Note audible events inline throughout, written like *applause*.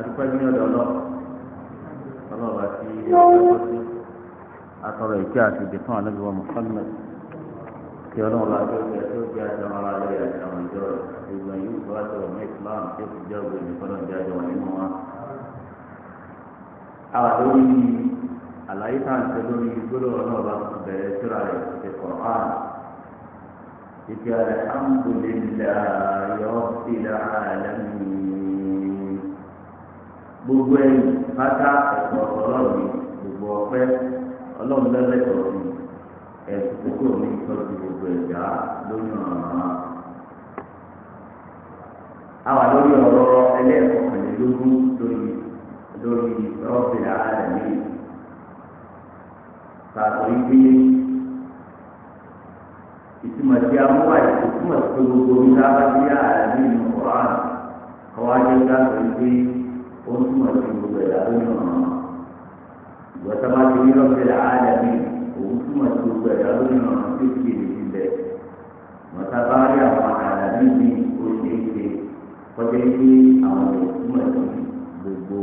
adúpẹ́ ní ọ̀dọ̀ ọlọ́ ọlọ́ọ̀bá tí ọ̀dọ́ sí atọ́rọ̀ ìkí àti ìdè fún àlejò wa Muhammad kí ọlọ́run bá tó jẹ tó jẹ àti ọmọ ara rẹ̀ àti àwọn ìjọ rẹ̀ ìgbà yìí bá tó ọmọ Islam tó fi jẹ́ ògbé nìkan náà jáde wà nínú wa. àwọn lórí àlàyé tá à ń ṣe lórí gbólóhùn ọlọ́ọ̀bá bẹ̀rẹ̀ síra rẹ̀ ti Qur'an ìkẹ́ alhamdulillahi rabbil alamin. gbogbo ẹ̀yìn pátá ẹ̀kọ́ ọlọ́ọ̀bì gbogbo ọ̀pẹ ọlọ́ọ̀bì lẹ́lẹ́kọ̀ọ́ sí ẹ̀sùn kókó ní ìtọ́jú gbogbo ẹ̀dá lórí ọ̀ràn. àwa lórí ọ̀rọ̀ ẹlẹ́ẹ̀kọ̀kànlélógún lórí lórí ọ̀bì àárẹ̀ mi. Tààtò ìgbé ìtumọ̀ tí a mú àyè tó túmọ̀ sí gbogbo ní sábà bí àárẹ̀ mi nù kọ́ àná. Kọ́wájú dáàbò ìgbé òun tún wà sí gbogbo ẹ̀dá tó ní ọ̀nà ìwọ sábà ti ní lọ́sẹ̀ àádá mi òun tún wà sí gbogbo ẹ̀dá tó ní ọ̀nà tó ti lè ti bẹ̀ wọ́n sábà rí àwọn àdá mi ní ó ṣe é ṣe kọjá pé àwọn ẹ̀ tún wà sí gbogbo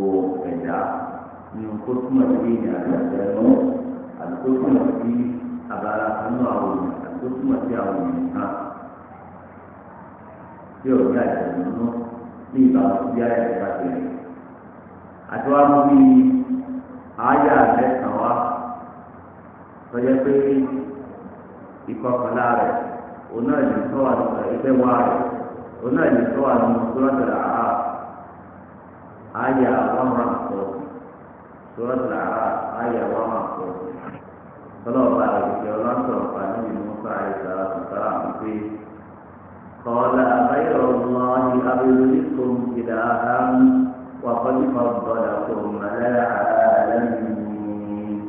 ẹ̀dá ní kó tún wà sí ìyá àgbàdo ẹ̀rọ àti kó tún wà sí abala nínú àwọn ènìyàn àti kó tún wà sí àwọn ènìyàn náà tí ọ̀gá ìṣẹ̀lẹ̀ náà ní ìbámu sí ayẹyẹ bá tẹ̀lé àti wá mú bí àáyá mẹ́sàn-án wá tọ́jọ́ pé ìkọkànlá rẹ̀ òun náà lè tọ́ àtúntà ẹgbẹ́ wá rẹ̀ òun náà lè tọ́ àtúntà sọ́rọ́tàlá àá àáyá wọn máa pọ̀ sọ́rọ́tàlá àá àáyá wọn máa pọ̀ tọ́lọ́ọ̀bá àgbẹ̀jẹ̀ ọlọ́sọ̀rọ̀ pàdé ìmúta ìsàrà tòkàrà àmì قال أغير الله أبلغكم إلها وقد فضلكم على العالمين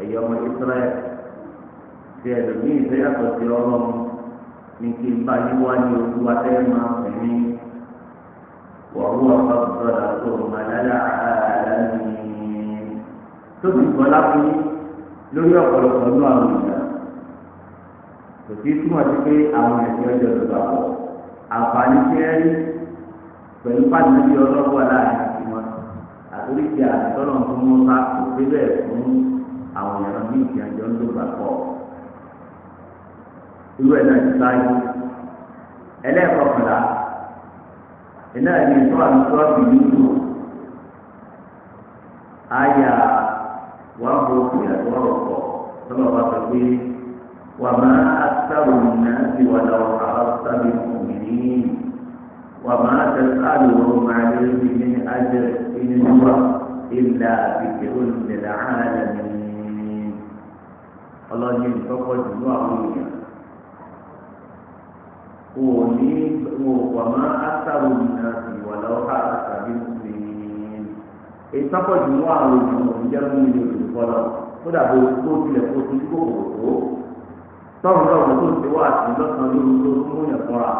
أيام إسرائيل في أدمي في أقصيهم من كبار واني وتيما مني وهو فضلكم على العالمين ثم فلقي لن يقرأ الله kò sí túmọ̀ sí pé àwọn ẹ̀sìn ọjọ́ ìgbà pẹ̀lú pàtàkì ọlọ́wọ́ láàrin tiwọn àtúrí ti àtọ́nà fún mọ́tà kò pé bẹ́ẹ̀ fún àwọn èèyàn ní ìdíyànjọ́ ń dògbà pọ̀ irú ẹ̀ náà ti sáyé ẹlẹ́ẹ̀kọkànlá iná ẹ̀mí ìtọ́ àti sọ́ọ̀bì yìí àyà wà bó ìyàtọ̀ ọ̀rọ̀ pọ̀ lọ́wọ́ bá sọ pé wà má a sábò nínú àti wà àwọn sábì kùnìyàn. وما تسألهم عليه من أجر إن هو إلا ذكر للعالمين الله ní ìtọ́kọ̀ jùlọ àwọn èèyàn kò ní wò wàmá ásàrò nìyà sí wàlá ọ̀há àtàbí mùsùlùmí ìtọ́kọ̀ jùlọ àwọn èèyàn kò jẹ́ fún mi ní olùkọ́lọ́ ó dàbí tó tilẹ̀ tó ti kó kòkó tọ́run lọ́wọ́ tó ti wá àti lọ́sàn lórí tó mú yẹn fọ́ra.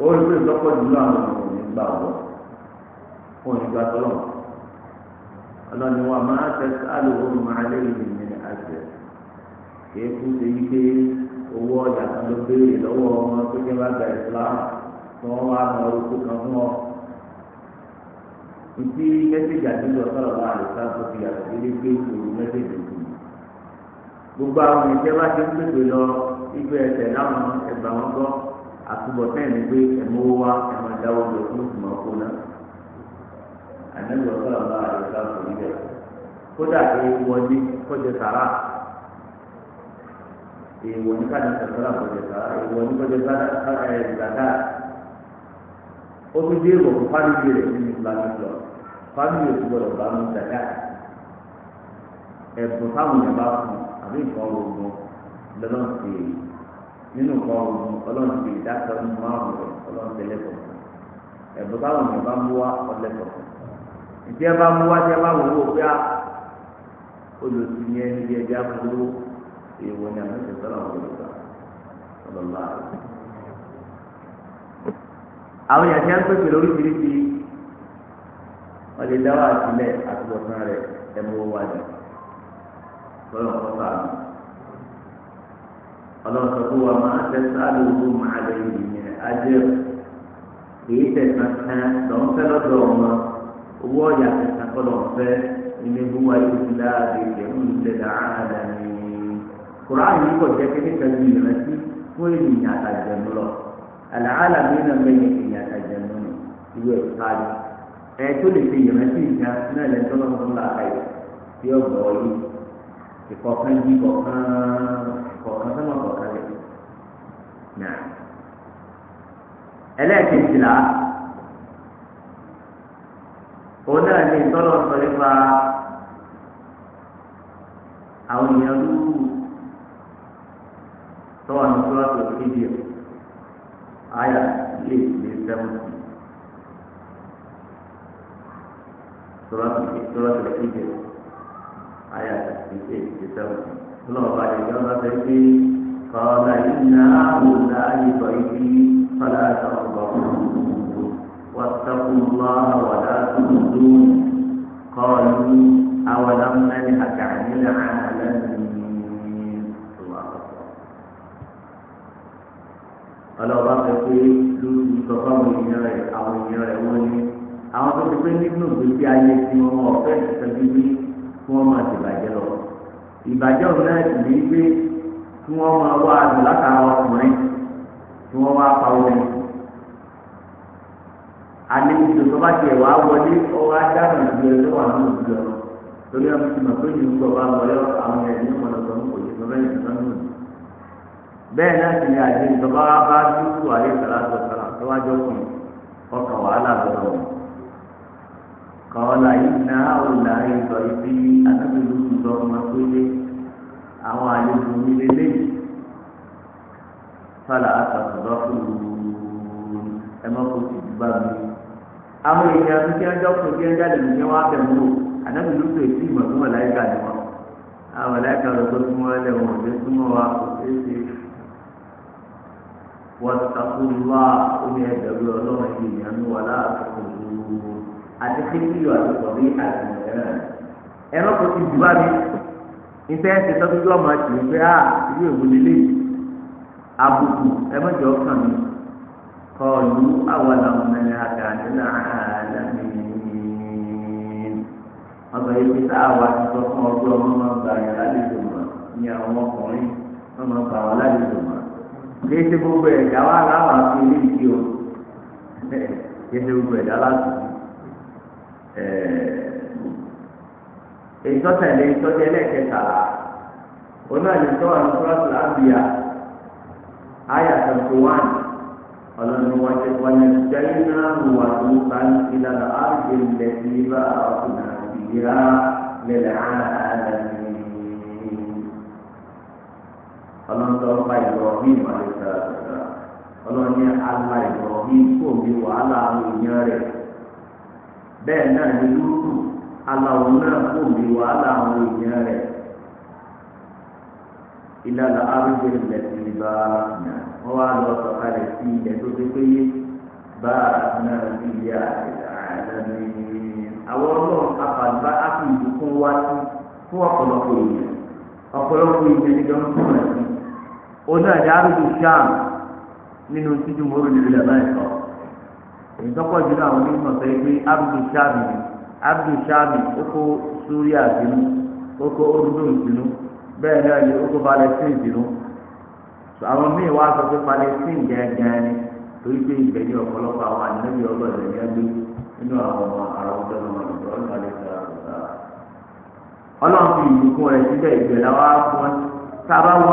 ó rí pé ìtọ́pọ̀ jùlọ àwọn ènìyàn ní gbà wọ̀ fún ìgbà tó lọ. ọlọ́ni wa máa tẹ̀sí àlùkò máa lé ìrìn ní àjẹ. kìí kú sí yí pé owó ọjà kan ló béèrè lọ́wọ́ ọmọ tó jẹ́ bá gba ìsìlámù tí wọ́n wá kan fún ọ. ìdí àtúbọ̀tán ni pé ẹ̀mọ́ wa ẹ̀mọ́ dáwọ́ lọ fún ìmọ̀ ọkọ náà ànábi ọ̀sán ọ̀la àyọ̀ká kò ní bẹ̀ kódà èèwọ̀ ní kọjá sàrà èèwọ̀ ní káàdì sàrà kọjá sàrà èèwọ̀ ní kọjá sàrà ẹ̀ gbàdá ó tún dé ìwọ̀ fún fámìlì rẹ̀ nínú islamic law tu rẹ̀ gbọdọ̀ bá mú dàdá ẹ̀bùn táwọn yẹn bá fún àbí nǹkan ọ̀rọ̀ ọ̀gbọ̀n lọ́nà nínú nǹkan ọ̀gbìn ọlọ́run ti dákẹ́ ọdún márùn rẹ̀ ọlọ́run tẹ̀lé kọ̀ọ̀kan ẹ̀bùn báwọn èèyàn bá mú wá ọlẹ́ kọ̀ọ̀kan ìdí ẹ bá mú wá jẹ́ báwo wò pé ah, olùsí yẹn ní bí ẹja burú èèwọ̀ ni àwọn ìṣẹ̀tọ́ náà wọlé gbà ọlọ́lá àwọn èèyàn ti ń pèsè lóríṣiríṣi wọ́n lè dáwọ́ àtúbọ̀tán rẹ̀ ẹ̀mú wájú lọ́nà kọ́ta àná. ọlọ́sọ̀kú wa máa tẹ́sán lóko máa lè yìnyín ajé kìí tẹ̀sán kan lọ́n fẹ́ lọ́dọ̀ ọmọ owó ọ̀yà ini kọ́ lọ́n fẹ́ nínú ibú wa yóò fi láàbì ìdẹ̀kùn ìṣẹ̀dá àdá ni. kùrán yìí kò jẹ́ kékeré kan ju ìrántí fún ènìyàn àtàjẹ̀nu lọ àlàálà mìíràn bẹ́ẹ̀ ènìyàn àtàjẹ̀nu ni ìlú ẹ̀ káàdì ẹ̀ tó lè fi ìrántí ìjà náà lẹ́tọ́ lọ́sọ̀ọ́ kọ̀ọ̀kan sọ́mọ̀ kọ̀ọ̀kan lè nà ẹlẹ́ẹ̀kejìlá òun náà ní ìtọ́lọ̀ sọ nípa àwọn èèyàn lúrú tọ́wọ́ ní kúrọ́ọ̀tì òkèèdè àyà ilé ìlú sẹ́wọ̀ntì kúrọ́ọ̀tì òkèèdè àyà ilé ìlú sẹ́wọ̀ntì ọlọ́ọ̀bá ìjọ bá fẹ́ pé kọ́ọ̀lá iná àwòlá ìbọ̀ ibi fọlá àtọ̀gbọ̀ wàtàkùn lọ àwàdà tuntun kọ́ọ̀lù àwàdà mẹ́rin àtànílẹ̀ àlẹ́ ọlọ́ọ̀bá fẹ́ pé lóṣù sọ fáwọn èèyàn rẹ̀ àwọn èèyàn rẹ̀ wọ́n ní àwọn tó ti pé nínú ìgbésí ayé tí wọ́n ọ̀fẹ́ ìtẹ́jú bí wọ́n máa ti bàjẹ́ lọ ìbàjẹ́ òun náà sì ní pé kí wọ́n máa wá àdùn látara ọkùnrin kí wọ́n wá pa obìnrin. àlejò tó bá tiẹ̀ wá wọlé ọwọ́ adáhùn ìgbé ló wà ní òbí ọ torí ọmọ ti mọ̀ pé ìlú gbọ́ bá wọlé àwọn ẹ̀rí ní ọ̀pọ̀lọpọ̀ ní òye tó bẹ́ẹ̀ nìkan nù. bẹ́ẹ̀ náà sì ni àlejò bá bá àyè sàlá tó tó wájú ọkùnrin ọkàn wàhálà lọ́wọ́ kọ́ọ̀lá yìí ná àwòlá ìtọ́ ibi anábìlú ìtọ́ ọmọ tó lé àwọn àlejò mi lélẹ̀ yìí fàlà àtàkùnrọ̀ fúlùú ẹ má kó sì dùbà mi. àwọn èèyàn mi kí ẹjọ́ kò kí ẹjọ́ lèmi kí wọ́n á o anábìlú tó èsì ìmọ̀ tó mọ̀láyíkà ni wọn. àwọn mọ̀láyíkà lọ tó súnmọ́ ẹlẹ́ wọn súnmọ́ wa kò ṣeé ṣe. wọ́n ti takú lọ́wọ́ omi ẹ̀dẹ̀rú ọlọ́run àti kékeré àti kọ̀bí àti mọ̀lẹ́rẹ́ ẹ̀rọ kò ti jù bá mi ìfẹ́ ẹsẹ̀ tọ́jú yọ ọmọ àti ìfẹ́ à ìlú èwo lélẹ̀ àbùkù ẹ̀mẹ́jọ kàn mí kọlu àwọn ọgbà yìí a fún ọmọ máa lálejò mọ ní àwọn ọkùnrin wọn máa o *laughs* ìtọ́tẹ̀lé ehm, ìtọ́jú ẹlẹ́kẹtàlá onáàlú tọ́wọ́ ní kúrọ́sì àbíyá àyà twenty one ọlọ́ni wọn ti wọn jẹ́rìí náà wà tó bá ìlànà àrùjẹ ilẹ̀ tí bá lẹ́lẹ̀ ìmọ̀lẹ́sẹ̀ wàhálà àwọn èèyàn rẹ̀. bẹ́ẹ̀ náà ni lúrú aláwọ̀ náà kò ní wàhálà àwọn èèyàn rẹ̀ ìlànà arúgbó ilẹ̀ ti rí bá wọn wá lọ sọ̀kalẹ̀ sí ilẹ̀ tó dé péye bá náà bí ilé àtẹ̀lẹ́ ní àwọn ọlọ́run apàgbá ápì ìdúkún wá sí fún ọ̀pọ̀lọpọ̀ èèyàn ọ̀pọ̀lọpọ̀ èèyàn ní gbọ́n fún ẹ̀ sí. arúgbó sáà nínú títí mòórùn ìrìnàmọ́ ẹ̀kọ́. ìtọ́pọ̀ jùlọ àwọn onímọ̀ sọ pé abdu shami abdu shami ó suria sínú ó kó urdu sínú bẹ́ẹ̀ náà ni ó kó palestine sínú àwọn míì wá sọ pé palestine gẹ́gẹ́ ni torí pé ibẹ̀ ọ̀pọ̀lọpọ̀ àwọn ọgbà ẹgbẹ́ nínú àwọn ọmọ ọmọ ọlọ́run fi ìlú kún síbẹ̀ fún ẹ sábà wọ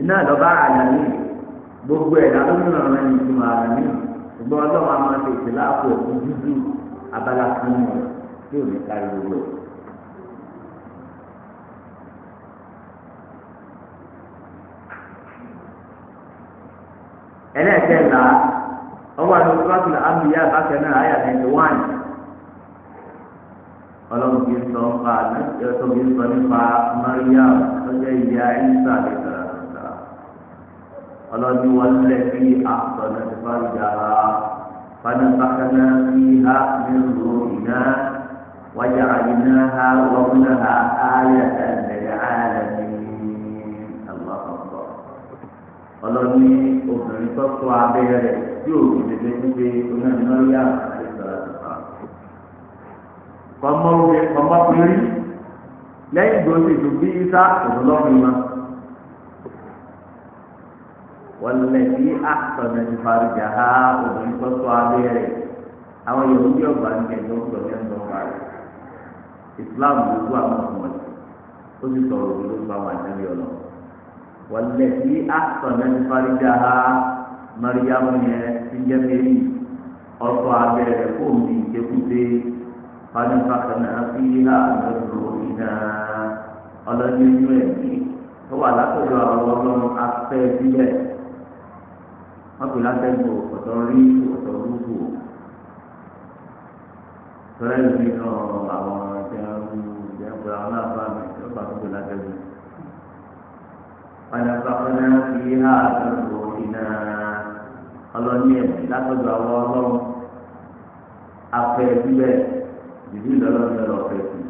iná na àlàyé gbogbo ẹ̀dá ló ń ṣùgbọ́n ọlọ́run a máa tètè láàpò ẹ̀kún dúdú abala kan mọ̀ tí ò ní kárí gbogbo ẹ̀. ẹlẹ́ẹ̀kẹ́ ya ọwọ́ àti sọ́kìlì àmìyá bákẹ́ náà àyà ẹ̀ǹdí wáìn ọlọ́run kì í sọ nípa nípa Maria ọjọ́ ìyá ọlọ́ni wọn lẹ̀ bí àtọ̀nà ti bá yàrá fanifakana bí ha nílùú iná wájà iná ha wọ́púnà ha ayé ẹ̀ẹ́dẹ̀rẹ̀ ayé ẹ̀ẹ́dẹ̀rẹ̀ ọlọ́ni obìnrin tó tó abẹ́ rẹ̀ tí òbí tètè gbígbé onáníná yá àti sọ̀rọ̀ tó fà. kọ́mọ́ obìnrin lẹ́yìn tó ti dùn bí sá òun lọ́kùnrin máa wọlẹ́bí àtọ̀nà ìfarajàá obìnrin tó sọ abẹ́ rẹ̀ àwọn yòówù yóò bá ń kẹjọ ní ẹnu ọgbà islam ló gbọ́ àwọn ọmọ rẹ̀ ó sì sọ̀rọ̀ òdodo fún àwọn àjẹmí ọ̀nà wọlẹ́bí àtọ̀nà ìfarajàá mariamu yẹn ti jẹ́ mẹ́rin ọ̀sọ̀ abẹ́ rẹ̀ kó mi kékúté fanifakana fi hà lọ́dọ̀ ìná ọlọ́dún inú ẹ̀mí wà látọ̀dọ̀ àwọn ọlọ́run afẹ́ sílẹ̀ wọn kò látẹ́gbò ọ̀tọ̀ rí ọ̀tọ̀ rúbù tọ́lá ìlú ní àwọn ìjẹun ìjẹun àwọn náà mi tó bá tó kò látẹ́gbò. Fàdàfàkọ́nà fi hà àtúntò iná ọlọ́ní ẹ̀mí látọ̀dọ̀ àwọn ọlọ́run afẹ́ bíbẹ̀ ìdí ìlọ́lọ́run lọ́rọ̀ fẹ́ sí.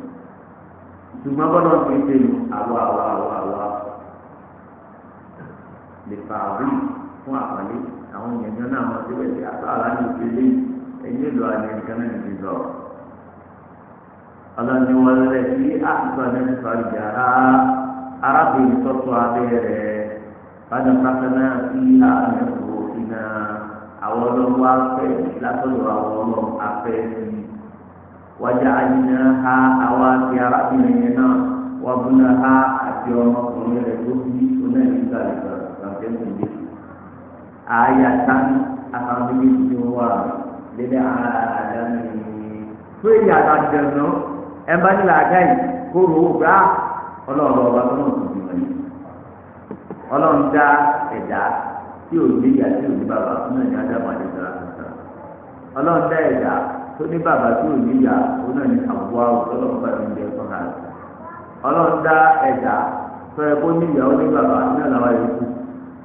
Ṣùgbọ́n bọ́dọ̀ fi ṣe àwọ̀ àwọ̀ àwọ̀ àwọ̀ fún àpàlẹ́ àwọn èèyàn jọ náà wọn síbẹ̀ sí àtàlà ní ìpele ẹ̀yìn ìlú àdìyẹ̀kan náà ti sọ. ọlọ́ni wọn lẹ sí àtúntò ní ìfàlùjà arábìnrin tọ́tọ́ abẹ́ rẹ̀ bájọ pátánà sí àmì ìfòwò iná àwọn ọlọ́wọ́ afẹ́ látọ̀dọ̀ àwọn ọlọ́wọ́ afẹ́ sí i wájà àyìnà ha àwọn àti arábìnrin yẹn náà wàbúnà ha àti ọmọkùnrin rẹ̀ tó bí onáyìí gbàlejò àti àtẹ̀síndé ayatan akan begitu lele alami tó èyí àtàjẹun náà ẹ bá nílò àga yìí kó ro gbá ọlọ́ọ̀lọ́ ọba tó náà tó bímọ yìí ọlọ́run dá ẹ̀dá tí ò ní ìyá tí ò ní bàbá fún náà ní ádámù àdéhùn àtúntà ọlọ́run ni ẹ̀dá tó ní ni tí ò ní ìyá fún náà ní àbúrò ọlọ́run bá mi jẹ fún ara ọlọ́run dá ẹ̀dá tó ẹ kó ní ìyá ó ní bàbá náà làwọn yòókù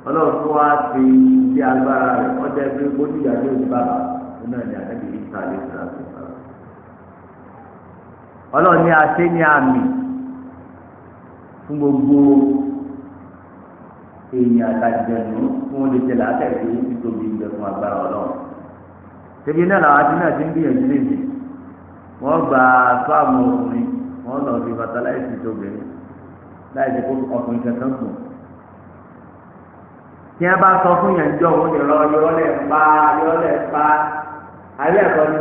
ọlọ́run tó wá fi ilé agbára rẹ̀ ọjà ẹgbẹ́ oníyà ní òní bàbá nínú ẹ̀mí àtẹ́bí ìta lè fura sí i. ọlọ́run ní aṣẹ́ ní àmì fún gbogbo èèyàn àtàjẹ̀nù fún olè tẹ̀lé akẹ́kọ̀ọ́ yìí tóbi ń bẹ fún agbára ọlọ́run. tẹ̀bí náà làwọn àti náà ti ń gbìyànjú lèmi wọ́n gba fáàmù ọkùnrin wọ́n lọ fi fatalaisi tóbi láì tí wọn bá sọ fún yẹn jọ wọn yọrọ yọrọlẹ ń pa yọrọlẹ ń pa alẹ ẹkọ ni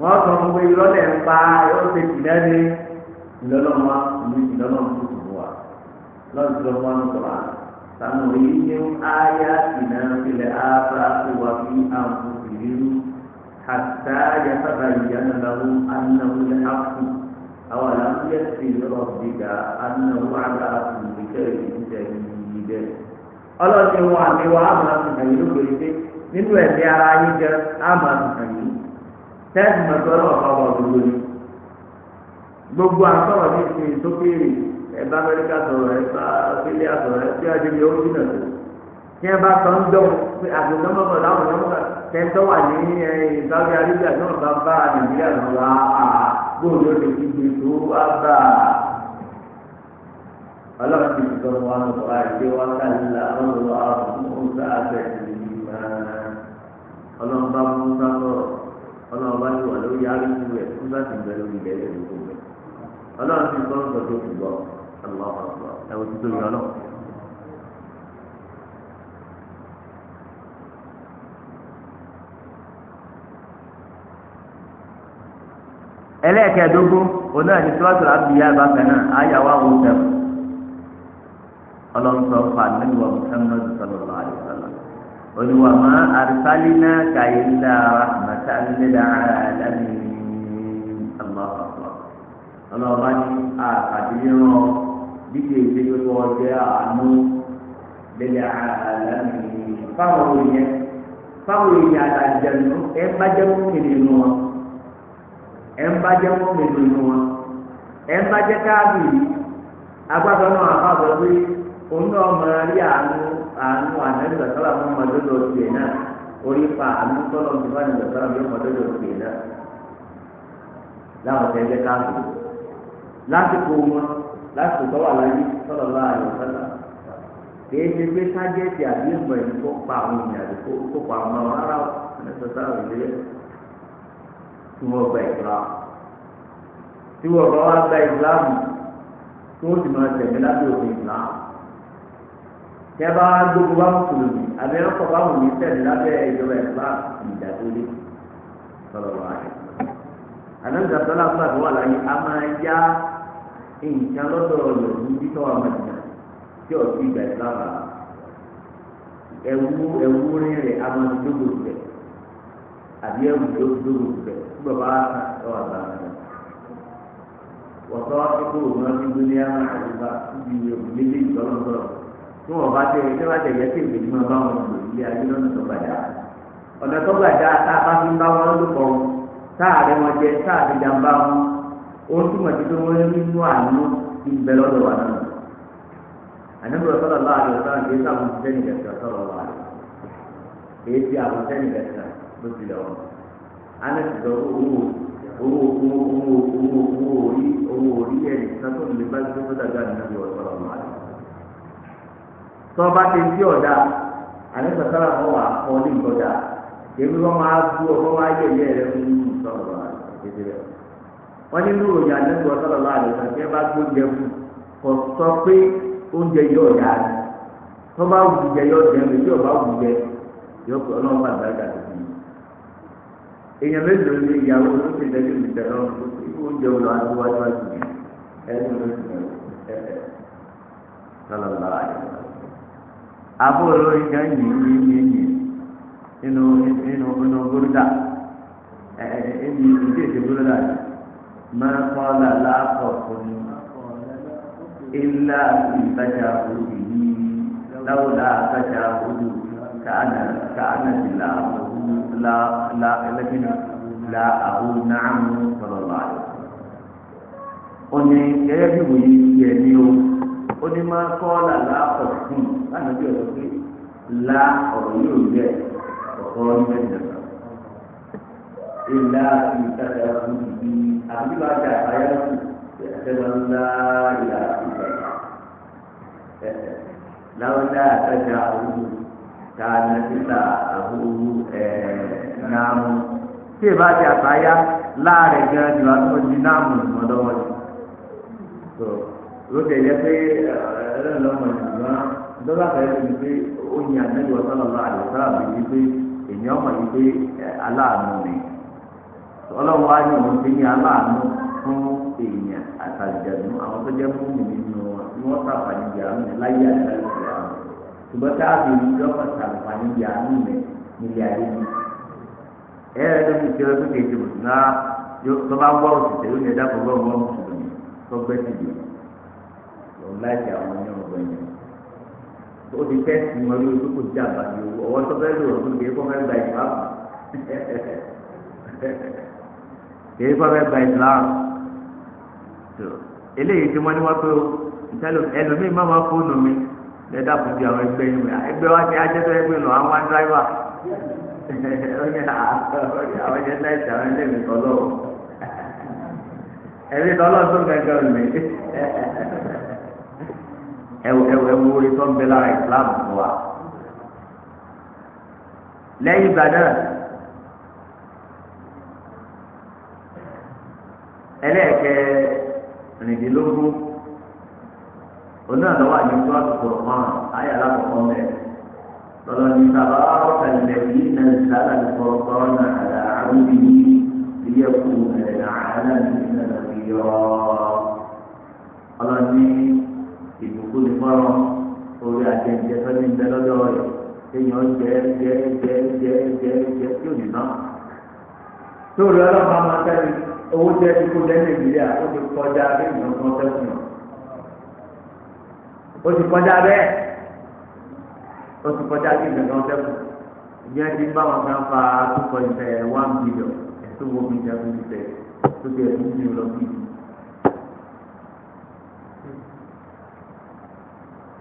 wọn sọ fún pé yọrọlẹ ń pa yọrọ ṣe tì ní ìlọlọmọ ìlú ìlọlọmọ tó tù wá lọ́dún tó lọ́mọ ní sọ̀rọ̀ sànù èyí ní àyà ìnà ilẹ̀ àbá tó wà àwọn ìlú hàtà yàtàbà ìyànà anáwó lè hàkú àwọn àlàyé sí ọ̀bìgà anáwó àgbà àkùnrin kẹrin ìjẹ̀yìn ìjẹ̀yìn ọlọ́ọ̀tì wọn àmì wọn àmà àtùkàn yìí ló gbèrè pé nínú ẹ̀mí ara ayé jẹ àmà àtùkàn yìí tẹ́ẹ̀sì mọ̀tọ́lọ́ ọ̀pọ̀ gbogbo ni gbogbo àtọ́wọ̀ ní ìsìn tó kéré ẹ̀bá amẹ́ríkà sọ̀rọ̀ ẹ̀bá australia sọ̀rọ̀ ẹ̀bí àdébí ó dínà tó tí ẹ bá tán dán pé àgbẹ̀dọ́ mọ̀tọ́ láwọn ọmọ tẹ́tọ́ wà ní Saudi Arabia náà bá bá nàìjíríà lọ́wọ́ àgbóhùn ló lè wá bá a ọlọ́run ti sọ fún wa lọ́wọ́ àìsí wa kálílà ọlọ́wọ́ àbúrúsá abẹ́ẹ̀dì máa ọlọ́run bá mú sáfọ́ ọlọ́run bá ti wà lórí arígbó rẹ̀ fún láti bẹ lórí ilẹ̀ rẹ̀ lóko rẹ̀ ọlọ́run ti sọ tó ti gbọ́ ẹ̀wọ̀n ti tóbi ọlọ́run. ẹlẹ́ẹ̀kẹ́ẹ̀dógún onáà ní sọ́ọ́sì àbíyá bákan náà áyà wà wọ́n sẹ́wọ̀n ọlọ́nsọ fà nínú wa muhammadu sallallahu alayhi wa sallam oníwà má àrísálínà kàyíńdà rahmata nílẹ̀ àdáni aláfàfà ọlọ́ba ní àkàdéyàn dídé ìdíjọ́ ọjọ́ àánú nílẹ̀ àdáni fáwọn òyìn fáwọn òyìn àtàjẹnu ẹ bá jẹ́ mọ́kìnrin nínú wọn ẹ bá jẹ́ mọ́kìnrin nínú wọn ẹ bá jẹ́ káàbì agbábọ́nà àbábọ̀ wí oní ọmọ rí àánú àánú ànábi sọ̀tọ́lá fún ọmọdé lọ tiẹ̀ náà orí pa àánú sọ́lọ́ ti fún ànábi sọ̀tọ́lá fún ọmọdé lọ tiẹ̀ náà láwọn tẹ́jẹ́ káàkiri lásìkò wọn lásìkò tó wà láyé sọ̀rọ̀ láàyè sọ̀tọ́lá kìí ṣe pé sájẹ́tì àbí ìmọ̀ ẹ̀yìn kó pa àwọn ènìyàn àti kó pa àwọn ọmọ ara ànábi sọ̀tọ́lá ìdílé tí wọ́n gba ìtura tí wọ́n bá wá gba ìtura mú tí wọ́n sì máa tẹ̀lé lábẹ́ òfin ìtura. tẹ́bá gbogbo wa mùsùlùmí àbí ẹ̀rọ̀kọ̀ bá wù mí sẹ́ni lábẹ́ ìjọba ìfúlá ìjà tó lé sọ̀rọ̀ wa rẹ̀. ànágbà wà láyé a máa yá nǹkan níbi tó wà tí wà. a máa dógò rẹ̀ àbí tó dógò àgbà tí wọn bá tẹ ẹsẹ bá tẹ ẹsẹ ìwé tí wọn bá wọn lò ilé ayé lọ́nà tó gbàdá ọ̀nà tó gbàdá tá a bá fi ń bá wọn lòpọ̀ táàrẹ wọn jẹ táàrẹ jàmbá wọn ó túmọ̀ sí pé wọ́n nínú àánú ti bẹ lọ́dọ̀ wa náà ànábi wọn sọ̀rọ̀ bá àdìọ sọ̀rọ̀ kí sáwọn sẹ́ni gẹ̀ẹ́sì sọ̀rọ̀ wà rẹ̀ èyí ti àwọn sẹ́ni gẹ̀ẹ́sì ló ti lọ anẹ́sì sọ owó owó owó owó owó orí owó orí ẹ̀ nìkan tó lè bá gbé sọ́dọ̀ gbá ànábi wọn sọ̀rọ̀ wà tó bá ti tí ọ̀dà àníṣe sára wọn wà kọ́ ní ìkọjá èmi wọn máa bú ọ wọn máa yẹ ìyá rẹ fún un sọ̀rọ̀ lọ àti wọn ní nínú ìròyìn àníṣe ọ̀sọ̀rọ̀ lọ àlùfáà tí ẹ bá gbó jẹ fún kò sọ pé oúnjẹ yóò yá ni tó bá wù jẹ yóò jẹ mi tí ò bá wù jẹ yóò kọ ọlọ́run bá gbàgbà tó fi èèyàn mélòó ni ìyàwó olóṣèlú ẹgbẹ́ mi tẹ̀lé oúnjẹ wo la ti wájú wájú yẹn ẹ́ ẹ́ sálọ̀ lọ́la yẹn àbó olórí kan yìí yìí yìí yìí inú inú inú búrúdà ẹ ẹ ẹbí ìdí èdè búrúdà yìí máa kọ́ ọ́ làlá kọ̀ọ̀kan ní ilá ìtajà òbí yìí láwùlá àtajà òbí kàánà kàánà sí làwọn la la ẹlẹ́gbẹ̀ẹ́ la àwọn nàámu sọ̀rọ̀ láàyè ó ní gẹ́gẹ́ bí wòye yẹ ní o ó ní máa kọ́ ọ́ làlá kọ̀ọ̀kan láti bí ọ̀rọ̀ pé la ọ̀rọ̀ yóò yẹ ọ̀rọ̀ yẹ dàgbà. Ìlà ìtajà fún ibi àbíbá àti àbáyá sùn ẹ̀ẹ́dẹ́gbà ńlá ìlà ìtajà. Láwùjá àtajà òun kàánà títà àbúrú ẹ̀ẹ́dẹ́gbàmù. Tí ìbá àti àbáyá láàrin gan ni wàá tó di náà mú ìmọ̀dọ́wọ́dì. Lókè yẹ pé ẹ̀ẹ́dẹ́gbàmù ìgbà dọ́là fẹ́ẹ́ fi pé ó ní àtẹ́lẹ̀ ọ̀sánlọ́lá àdìsára mi ní pé ènìyàn mọ̀ ní pé aláàánú ni ọlọ́run wá ní òun ti ní aláàánú fún èèyàn àtàlìjàdù àwọn tó jẹ́ fún mi nínú wọn tí wọ́n sàfàní di àánú mi láyé àtàlẹ́ ìfẹ́ àánú ṣùgbọ́n tá a fi ní dọ́kọ̀ sàfàní di àánú mi nílé ayé mi ẹ ẹ ló ti ṣe ọdún kejì mùsùlùmí náà tó bá gbọ́ òṣìṣẹ́ yóò ẹ̀dá kan gbọ́ ọmọ mùsùlùmí tó gbẹ́sì ó ti tẹ́sí wọn lórí tó kò já àbàdì owó ọwọ́ tó fẹ́ lò ó kéé kó fẹ́ gba ìsìlámù *laughs* kéé kó fẹ́ gba ìsìlámù eléyìí tí wọ́n ní wọ́n pé o ẹlòmíì má máa fóònù mi lẹ́dá kù di àwọn ẹgbẹ́ yìí ẹgbẹ́ wa ti ajẹ́tọ́ *laughs* ẹgbẹ́ lọ àwọn dráìvà àwọn ẹ̀jẹ̀ náà ti àwọn ẹlẹ́mi tọ́lọ́ *laughs* ẹ̀mí tọ́lọ́ tó gẹ́gẹ́ mi ẹwù ẹwù ẹwù orí tó ń bẹ lára islam fún wa lẹ́yìn ìgbà náà ẹlẹ́ẹ̀kẹ́ rìndínlógún oní àdánwò àdínkù àtùkùrọ̀ kan ayé alákọ̀ọ́kọ́ mẹ́ lọ́dọ̀ ní sábà ọ̀kà lẹ́bí iná ìsára lùkọ̀ọ́ kọ́ọ̀nà àdá àrùbí ilé ẹ̀kú ẹ̀rẹ̀ àhálà ní ìlànà ìyọ́ ọlọ́ni ìbùkún ní fọ́rọ̀ orí àjẹjẹ fẹ́mi ń bẹ lọ́dọ̀ rẹ̀ èèyàn jẹ́ jẹ́ jẹ́ jẹ́ jẹ́ jẹ́ tí ò ní ná. tó rí ọlọ́pàá máa tẹ́lẹ̀ owó jẹ́ ikú jẹ́ nàìjíríà ó ti kọjá béèyàn kan sẹ́kùn yàn. ó kọjá bẹ́ẹ̀ ó ti kọjá béèyàn kan sẹ́kùn. ìyẹn ti ń bá wọn kan fa two point one billion ẹ̀sùn wo mi jẹ́ fún mi tó ti ẹ̀sùn mi lọ sí ibi.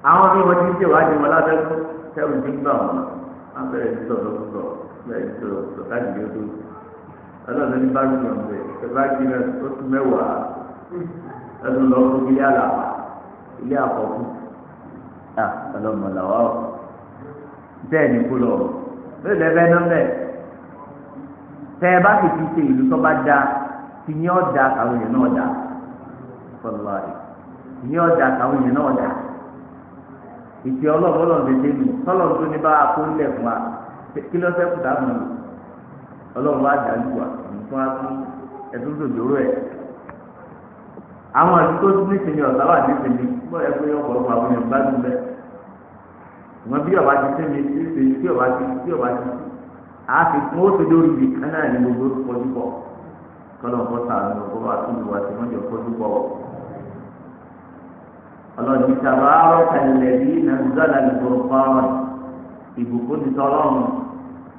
àwọn bí wọ́n ti ń ṣèwádìí wọn lábẹ́kú tẹ́rù ti ń gbà wọn wọ́n bẹ̀rẹ̀ sí sọ̀rọ̀ sọ̀rọ̀ bẹ̀rẹ̀ sí sọ̀rọ̀ sọ̀rọ̀ káàdì yóò tó ọlọ́run ní bá gbìyànjú ọ̀bẹ ẹ bá gbìyànjú ó tún mẹ́wàá ẹnu lọ fún ilé àlàwà ilé àkọ́kù à ọlọ́mọ làwà ọ̀ bẹ́ẹ̀ ni kú lọ bẹ́ẹ̀ lẹ́fẹ́ náà bẹ́ẹ̀ tẹ́ ẹ bá sì ṣe ìlú tó bá da ti ní ọ̀dà káwọn èèyàn náà dà. ìpè ọlọ́ọ̀bọ́lọ̀ dédé nù tọ́lọ́ọ̀ tó ní bá a kó lẹ̀ fún wa kí ló fẹ́ kúta mọ̀ ọlọ́run fún tó dòró ẹ̀. àwọn tó ní sinmi ọ̀sán wà ní sinmi ẹ ọba ti sinmi tí ṣe tí ọba ti tí ọba ti á fi kún ó ti lórí ibi ní gbogbo kọjú pọ̀ kọ́lọ̀ ọ̀pọ̀ ọ̀pọ̀ ọlọ́ọ̀dì tàbárọ̀ kẹlẹ́bí nàìjíríà lùkùrùkọ́rọ̀ ìbùkún ti tọ́lọ́run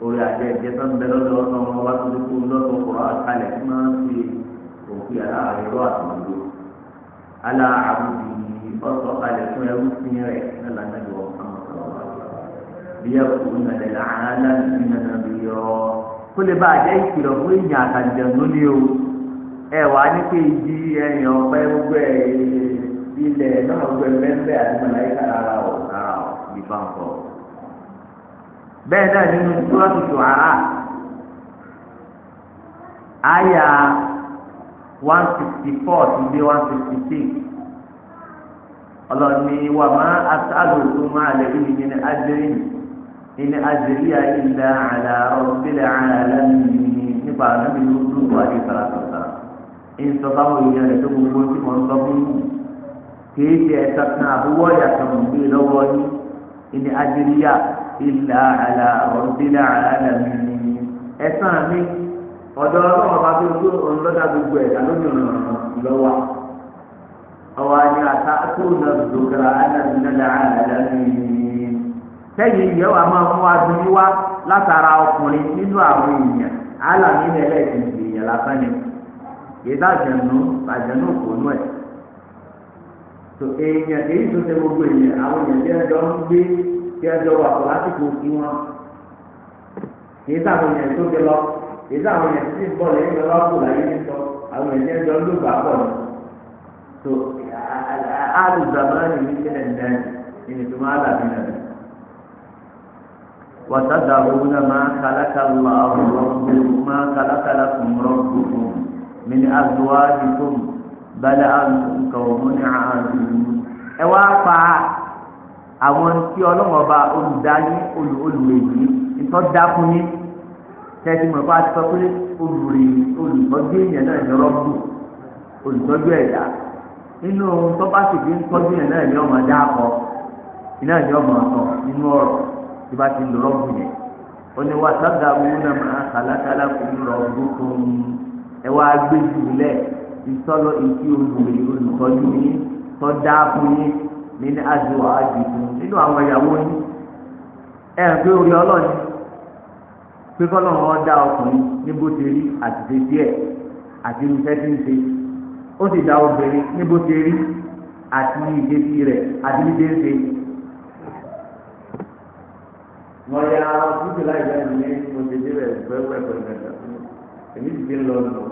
orí àti ẹ̀jẹ̀ tó ń bẹ lọ́dọ̀ ọ̀nà ọmọ wa tó dúkú lọ́dọ̀ kọ̀ọ̀ àkàlẹ̀ tí máa ń fi òkú yàrá àrẹ̀rọ àtọ̀dọ̀ alá àbùdí ọ̀sọ̀ kalẹ̀ fún ẹrú sin rẹ̀ nílànà ìwọ ọmọ sọ̀rọ̀ bí ẹkú nàlẹ̀ làánà nínú bí yọ kó lè bá àjẹ́ ìkìlọ̀ fún èèyàn ilẹ̀ náà gbẹ mẹ́fẹ́ àti mọ̀láyíká ara ọ̀ ara ọ̀ nípa ọ̀pọ̀. bẹ́ẹ̀ náà nínú túrọ́tù ṣùhárà àyà one sixty four ti dé one sixty six ọlọ́ni wà má asálòkú máa lẹ́bí mi ní adéré ní adéré yà àlà ọ̀bẹ̀lẹ̀ àlà mi nípa àná mi ló dúró wà ní ìfarasọ̀tà. ìsọ̀tà wọ̀nyí yẹn tó gbogbo tí mo ń sọ fún yìí. kìí ṣe ẹ̀ka kan àbúwọ̀ yàtọ̀ nígbè lọ́wọ́ yín ìní adìríyà ìlà àlà ọ̀rọ̀dẹ́lẹ̀ àlà mi ẹ̀sán mi ala ọlọ́wọ́ bá tó tó ọ̀nlọ́dà gbogbo ẹ̀dá lónìí ọ̀nà lọ́wọ́ ọwọ́ ni ata tó nà dùkàrà àlà nílẹ̀ àlà mi sẹ́yìn ìyẹ́ wa máa mú adùn yín wá látara ọkùnrin nínú àwọn èèyàn àlà mi nílẹ̀ èèyàn lásán ni ìdájẹ̀nu àjẹ̀nu òkòónú ẹ̀ tó èèyàn èyí tó ṣe gbogbo èèyàn àwọn èèyàn tí ẹjọ́ ń gbé tí ẹjọ́ wà pọ̀ lásìkò kí wọn kì í sáwọn èèyàn tó ti lọ kì í sáwọn èèyàn tí ń bọ̀ lẹ́yìn lọ́wọ́ kò láyé ní sọ àwọn èèyàn tí ẹjọ́ ń lò bá pọ̀ ní tó alùzàmánì ní kílẹ̀ ní náà ìní tó máa dàbí náà وتدعون ما خلق الله ربكم ما خلق لكم ربكم من أزواجكم bala àlùkò òmùnì àdùnnú ẹ wá pa àwọn tí ọlọ́wọ́n bá olùdarí olùwèyí ìtọ́ dákun yín tẹ́tí mọ̀ bá sọ pé olùrè olùtọ́jú èèyàn náà yọrọ bù olùtọ́jú ẹ̀dá nínú ohun tó bá sì fi ń tọ́jú èèyàn náà ní ọmọ dá kọ iná ní ọmọ ọ̀tọ̀ nínú ọ̀rọ̀ tí bá ti lọ́rọ́ bù yẹn ó ní wàá sábà wúnà máa kàlákàlà fún rọ̀ọ́dún fún ẹ wá gbé jù lẹ́ẹ̀ ìsọlọ ìdí olùwèé olùtọ́jú yín tó dáa fún yín nínú àdúrà àdìgún nínú àwọn ìyàwó yín ẹ ń gbé orí ọlọ́ọ̀ni pé kọ́lọ́run wọn dá ọkùnrin ní bó ṣe rí àtìṣe díẹ̀ àti iṣẹ́ tí ń ṣe ó sì dá obìnrin ní bó ṣe rí àti ìṣesí rẹ̀ àti bí ṣe wọ́n yà fúdùláì lẹ́nu ní mo ṣe dé rẹ̀ pẹ́pẹ́ pẹ̀lú ẹ̀ka èmi ti ti ń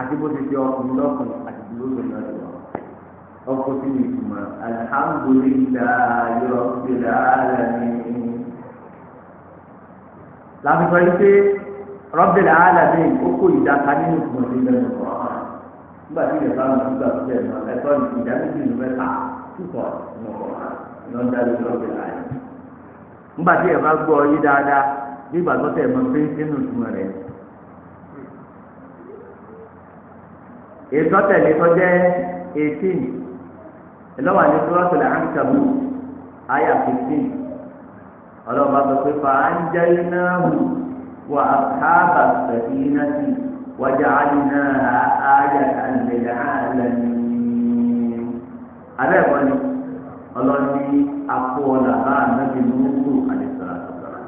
àti bó ti ṣe ọkùnrin lọ́kùnrin àti bí lóbìnrin náà ti wà. ọkọ sí ní ìtumọ̀ alihamudulilayi rabbil alamin. láfikọ́ yìí pé rabbil alamin ó kó ìdáka nínú ìtumọ̀ sí ilẹ̀ nìkan. nígbà tí ìyẹn bá ń gbà sílẹ̀ náà ẹ̀tọ́ ní ìdá méjì ló mẹ́ta túbọ̀ nìkan ló ń dá lórí rabbil alamin. nígbà tí ìyẹn gbọ́ yí dáadáa ètò ọ̀tẹ̀lẹ̀ tó jẹ́ eighteen ìlọ́wà ní sọ́ọ́sìlẹ̀ àǹkàbù àyà fifteen ọlọ́ọ̀bá sọ pé fa anjaynahu wa ashaaba safinati wa ja'alnaha ayatan lil alamin. abẹ́ ẹ̀kọ́ ni ọlọ́ni akó ọ̀là bá ànábì nínú àdìsára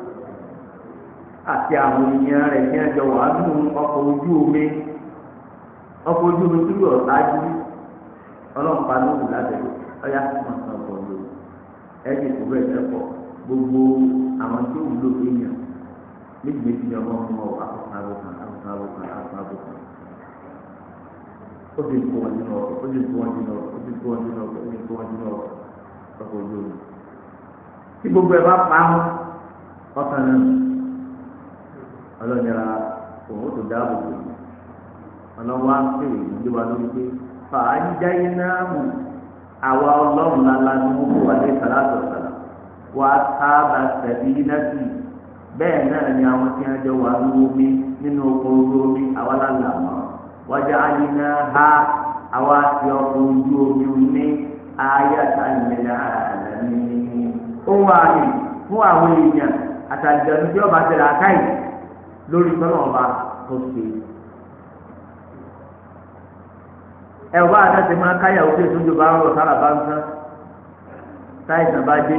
àti àwọn èèyàn rẹ̀ kí ẹjọ́ wàá nù ọkọ̀ ojú omi ọkọ̀ ojú omi tí yóò ṣáájú ọlọ́pàá ló wù lábẹ́ ọyá mọ̀ sí ọkọ̀ ojú omi ẹ̀jẹ̀ kò bẹ́ẹ̀ lẹ́kọ̀ gbogbo àwọn tí ó wúlò èèyàn méjì méjì ni ọmọ ọmọ akọ̀kan akọ̀kan akọ̀kan akọ̀kan akọ̀kan akọ̀kan ó ti kó wọn sínú ọkọ̀ ó ti kó wọn sínú ọkọ̀ ó ti kó wọn sínú ọkọ̀ ó ti kó wọn sínú ọkọ̀ ojú omi tí gbogbo ẹ̀ bá pa á ọkàn náà ọlọ́nyẹ̀ra òun ó tó dáàbò ọlọ́wọ́ á pè é lé wa lórí pé fàájà iná mú àwa ọlọ́run lala ní wọ́n wà ní sàlátọ̀ sàlá wà á sábà tẹ̀lé iná sí i bẹ́ẹ̀ náà ni àwọn tí wọ́n jọ wà ní omi nínú oko omi àwa lálẹ́ àmọ́ wájà iná ha àwa ti ọkọ̀ ojú omi ní ayé àtàlẹ́ àlẹ́ ní ó wà ní fún àwọn èèyàn àtàlẹ́ ìjọba tí ọba tẹ̀lé àkáyì lórí tọ́lọ̀ ọba tó ṣe. ẹ̀wọ́ àtàtì máa káyà òkè tójú bá ń rọ̀ sára bá ń tán táìsàn bá dé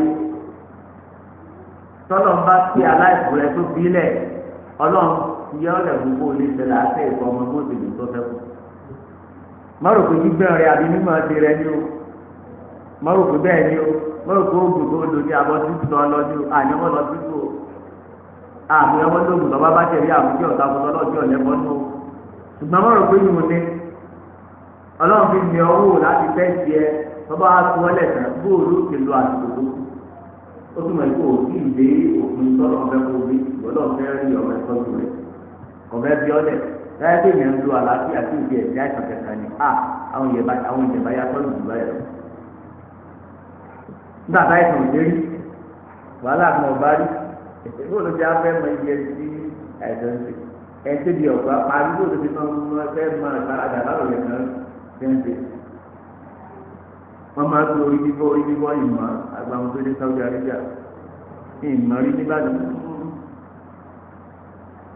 tọ́lọ̀ ń bá pé aláìsàn rẹ̀ tó bílẹ̀ ọlọ́run yẹ ọ̀lẹ̀ gbogbo olè ṣẹlẹ̀ àti ẹ̀kọ́ ọmọ gbòdì lè tó fẹ́kù. mọ́rùkù gbígbẹ́ rẹ̀ àbí mímọ́ ti rẹ̀ ni o mọ́rùkù bẹ́ẹ̀ ni o mọ́rùkù oògùn tó lò ní abọ́ títù lọ lọ́dún àníwọ́ lọ títù o àmì ọmọ lóògùn lọ́ba bá tẹ̀lé àmì tí ọ̀tá fún ọlọ́ọ̀tí ọ̀lẹ́kọ́ nù o ṣùgbọ́n mọ́rùkù yìí mo ní ọlọ́run fi mi ọwọ́ láti fẹ́ tiẹ̀ bàbá aṣọ ẹlẹ́sìn bóòlù ti lo ó tún mọ̀ ikú òbí ìdè òfin ọ̀fẹ́ bí fẹ́ rí rẹ̀ ọ̀fẹ́ bí láyé pé ni a àwọn yá báyìí lọ. nígbà táyì sàn rí wàhálà ọba rí bóòlù ti afẹ́ mọ iye àìsàn ẹ̀ tẹ́bi ten days wọ́n máa fi orí bíbọ́ orí bíbọ́ ìmọ̀ àgbàwọn tó dé Saudi Arabia ìmọ̀ rí nígbàdàn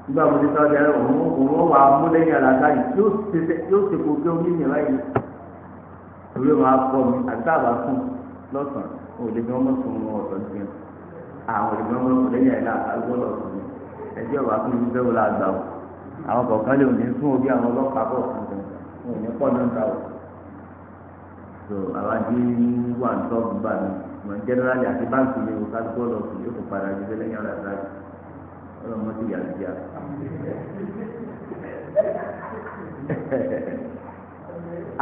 nígbà wo dé Saudi Arabia òun òun wà múlẹ́yìn àlàkà yìí yóò ṣe yóò ṣe kó gbé omi ìyẹn láyé torí wọn akọ mi àtàwà fún lọ́sàn-án òde bí wọ́n mọ̀ fún wọn ọ̀sán tiẹ̀ àwọn òde bí wọ́n mọ̀ fún lẹ́yìn àìlá àgbọ̀lọ̀ fún mi ẹjọ́ wà fún mi bẹ́ẹ̀ wọ́n la gbà wọ́n àwọn kọ̀ọ̀kan lè fún obi àwọn ọlọ́pàá bọ̀ fún wọn ò ní pọ̀ nọ́mbà o so àwọn tí wà ń tọ́ gbà mí mọ̀ ní jẹ́nẹ́rálì àti báńkì mi ò ká gbọ́ lọ sí yóò kó padà ju fẹ́lẹ́ yàrá ìdájọ́ ọlọ́mọ ti yà lùdíà.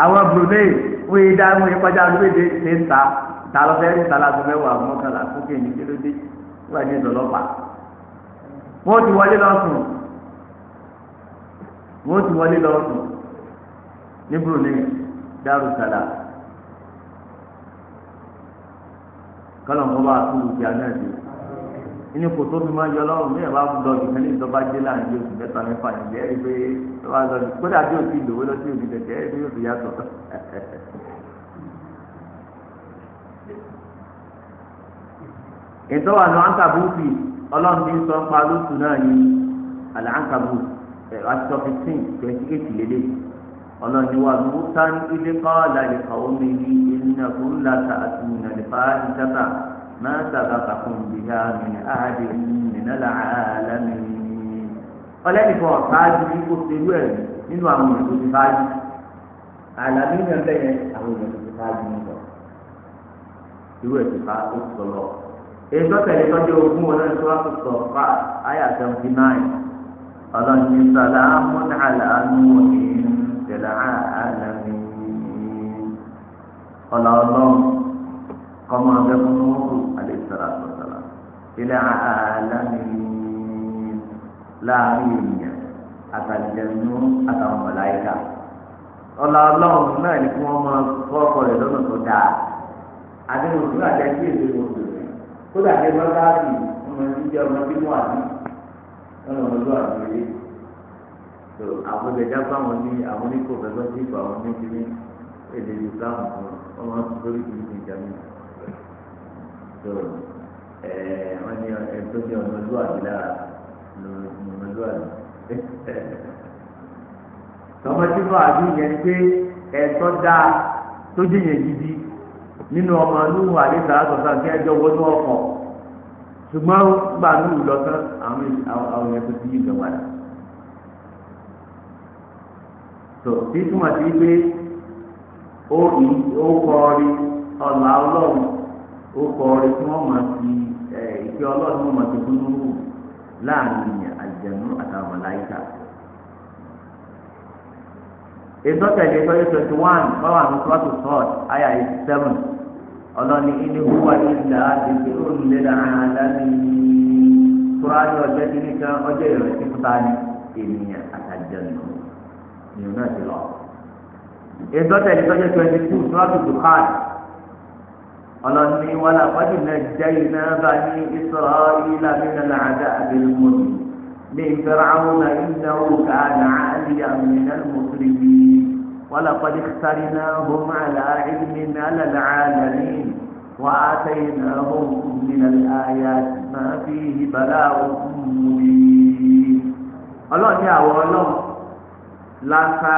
àwọn Brunei wọ́n yé dá wọ́n yé kọjá lóde ṣe ń ta ta lọ́fẹ́ ń ta láti mẹ́wàá mọ́kànlá fúnkè ní kílódé wọ́n ní ìdọ̀lọ́pàá wọ́n ti wọlé lọ́sùn wọ́n ti wọlé lọ́sùn. ní Brunei Darussalam bá a tún lùkìá náà dé inú kòtò mi máa yọ lọ́rùn mi ìwà lọ ìfẹ́ ní ìjọba jẹ́ láàrin oṣù mẹ́ta mẹ́fà nílẹ̀ ẹ̀rí pé ìwà lọ sí kódà bí òsì ìdòwé lọ sí òbí tẹ̀tẹ̀ ẹ̀rí yàtọ̀. ìtọ́wà lọ ọlọ́run ti ń sọ pa lóṣù náà ní ọlọ́ni wa musa ilé kọ́ọ̀lá ìkọ̀ omi ní iná kó ń lata àtúnyìnà nípa ìjọba máa sábà kàkún bìyà mi àádé nínàlá àlámì. ọlẹ́nìkan ọ̀sáájú ní kó serú ẹ̀ nínú àwọn èèyàn tó ti báyìí àlámì náà bẹ́yẹn àwọn èèyàn tó ti báyìí nígbà irú ẹ̀ ti bá ó sọ lọ. èyí tó tẹ̀lé tọ́jú ogún ọlọ́ni tó wá kó sọ fà áyà seventy ọlọ́ni rabbil alamin ọ̀là ọlọ́run kọ́mọ abẹ́ fún mọ́tò àdéṣọ́lá sọ̀tọ̀lá ilẹ̀ alamin láàrin ènìyàn àtàlẹ́nu àtàwọn mọ̀láyíkà ọ̀là ọlọ́run náà ni kí wọ́n máa kọ́ ọkọ rẹ̀ lọ́nà tó dáa àdéhùn tó àjẹ́ sí èdè òkè kódà ní bá dáàbì ọmọ ìdíje ọmọ bímọ àbí ọmọ ọlọ́run àbí tó àwọn ẹ̀dá fáwọn ní àwọn ní pòfẹ́sọ́ sí ìfọ̀ àwọn méjìlí èdè Islam fún wọn tó lórí kìí ní ìjàmù tó wọn ní ẹ̀tọ́ ní ọmọlúwàbí lára ọmọlúwàbí tọmọtí fún àbí yẹn ni pé ẹ̀tọ́ dáa tó jẹyẹ gidi nínú ọmọ lóhùn àdéhùn àtọ̀tà kí ẹjọ́ wọnú ọkọ̀ ṣùgbọ́n gbà ní àwọn èèyàn ti yí ìjọba rẹ̀. tó tí túmọ̀ sí pé ó o ó kọ rí ọ̀là ọlọ́run ó kọ tí wọ́n máa fi ẹ̀ ìfẹ́ ọlọ́run wọ́n máa fi láàrin àjẹmú àtàwọn màláíkà. ìtọ́tẹ̀lẹ̀ tọ́jú twenty one báwa ní eighty seven ọlọ́ni wúwa ọjọ́ kan ọjọ́ ìrẹsì fúta ènìyàn. nìyẹn náà ti lọ. ìdọ́tẹ̀ ìtọ́jú twenty two sọ́ọ́tù dùkán ọlọ́ni wàlá fàájì náà jẹ́ iná bá ní ìsọ̀rọ̀ ìlà mìíràn làádá àbẹ̀lùmọ́ni ní ìfẹ́ràn ìnáwó kàánà àlìyá mìíràn mùsùlùmí wàlá fàájì sáré náà hùmà àlàáìlì náà làlàálàní وآتيناهم من الآيات ما فيه بلاء مبين. الله يا الله láfa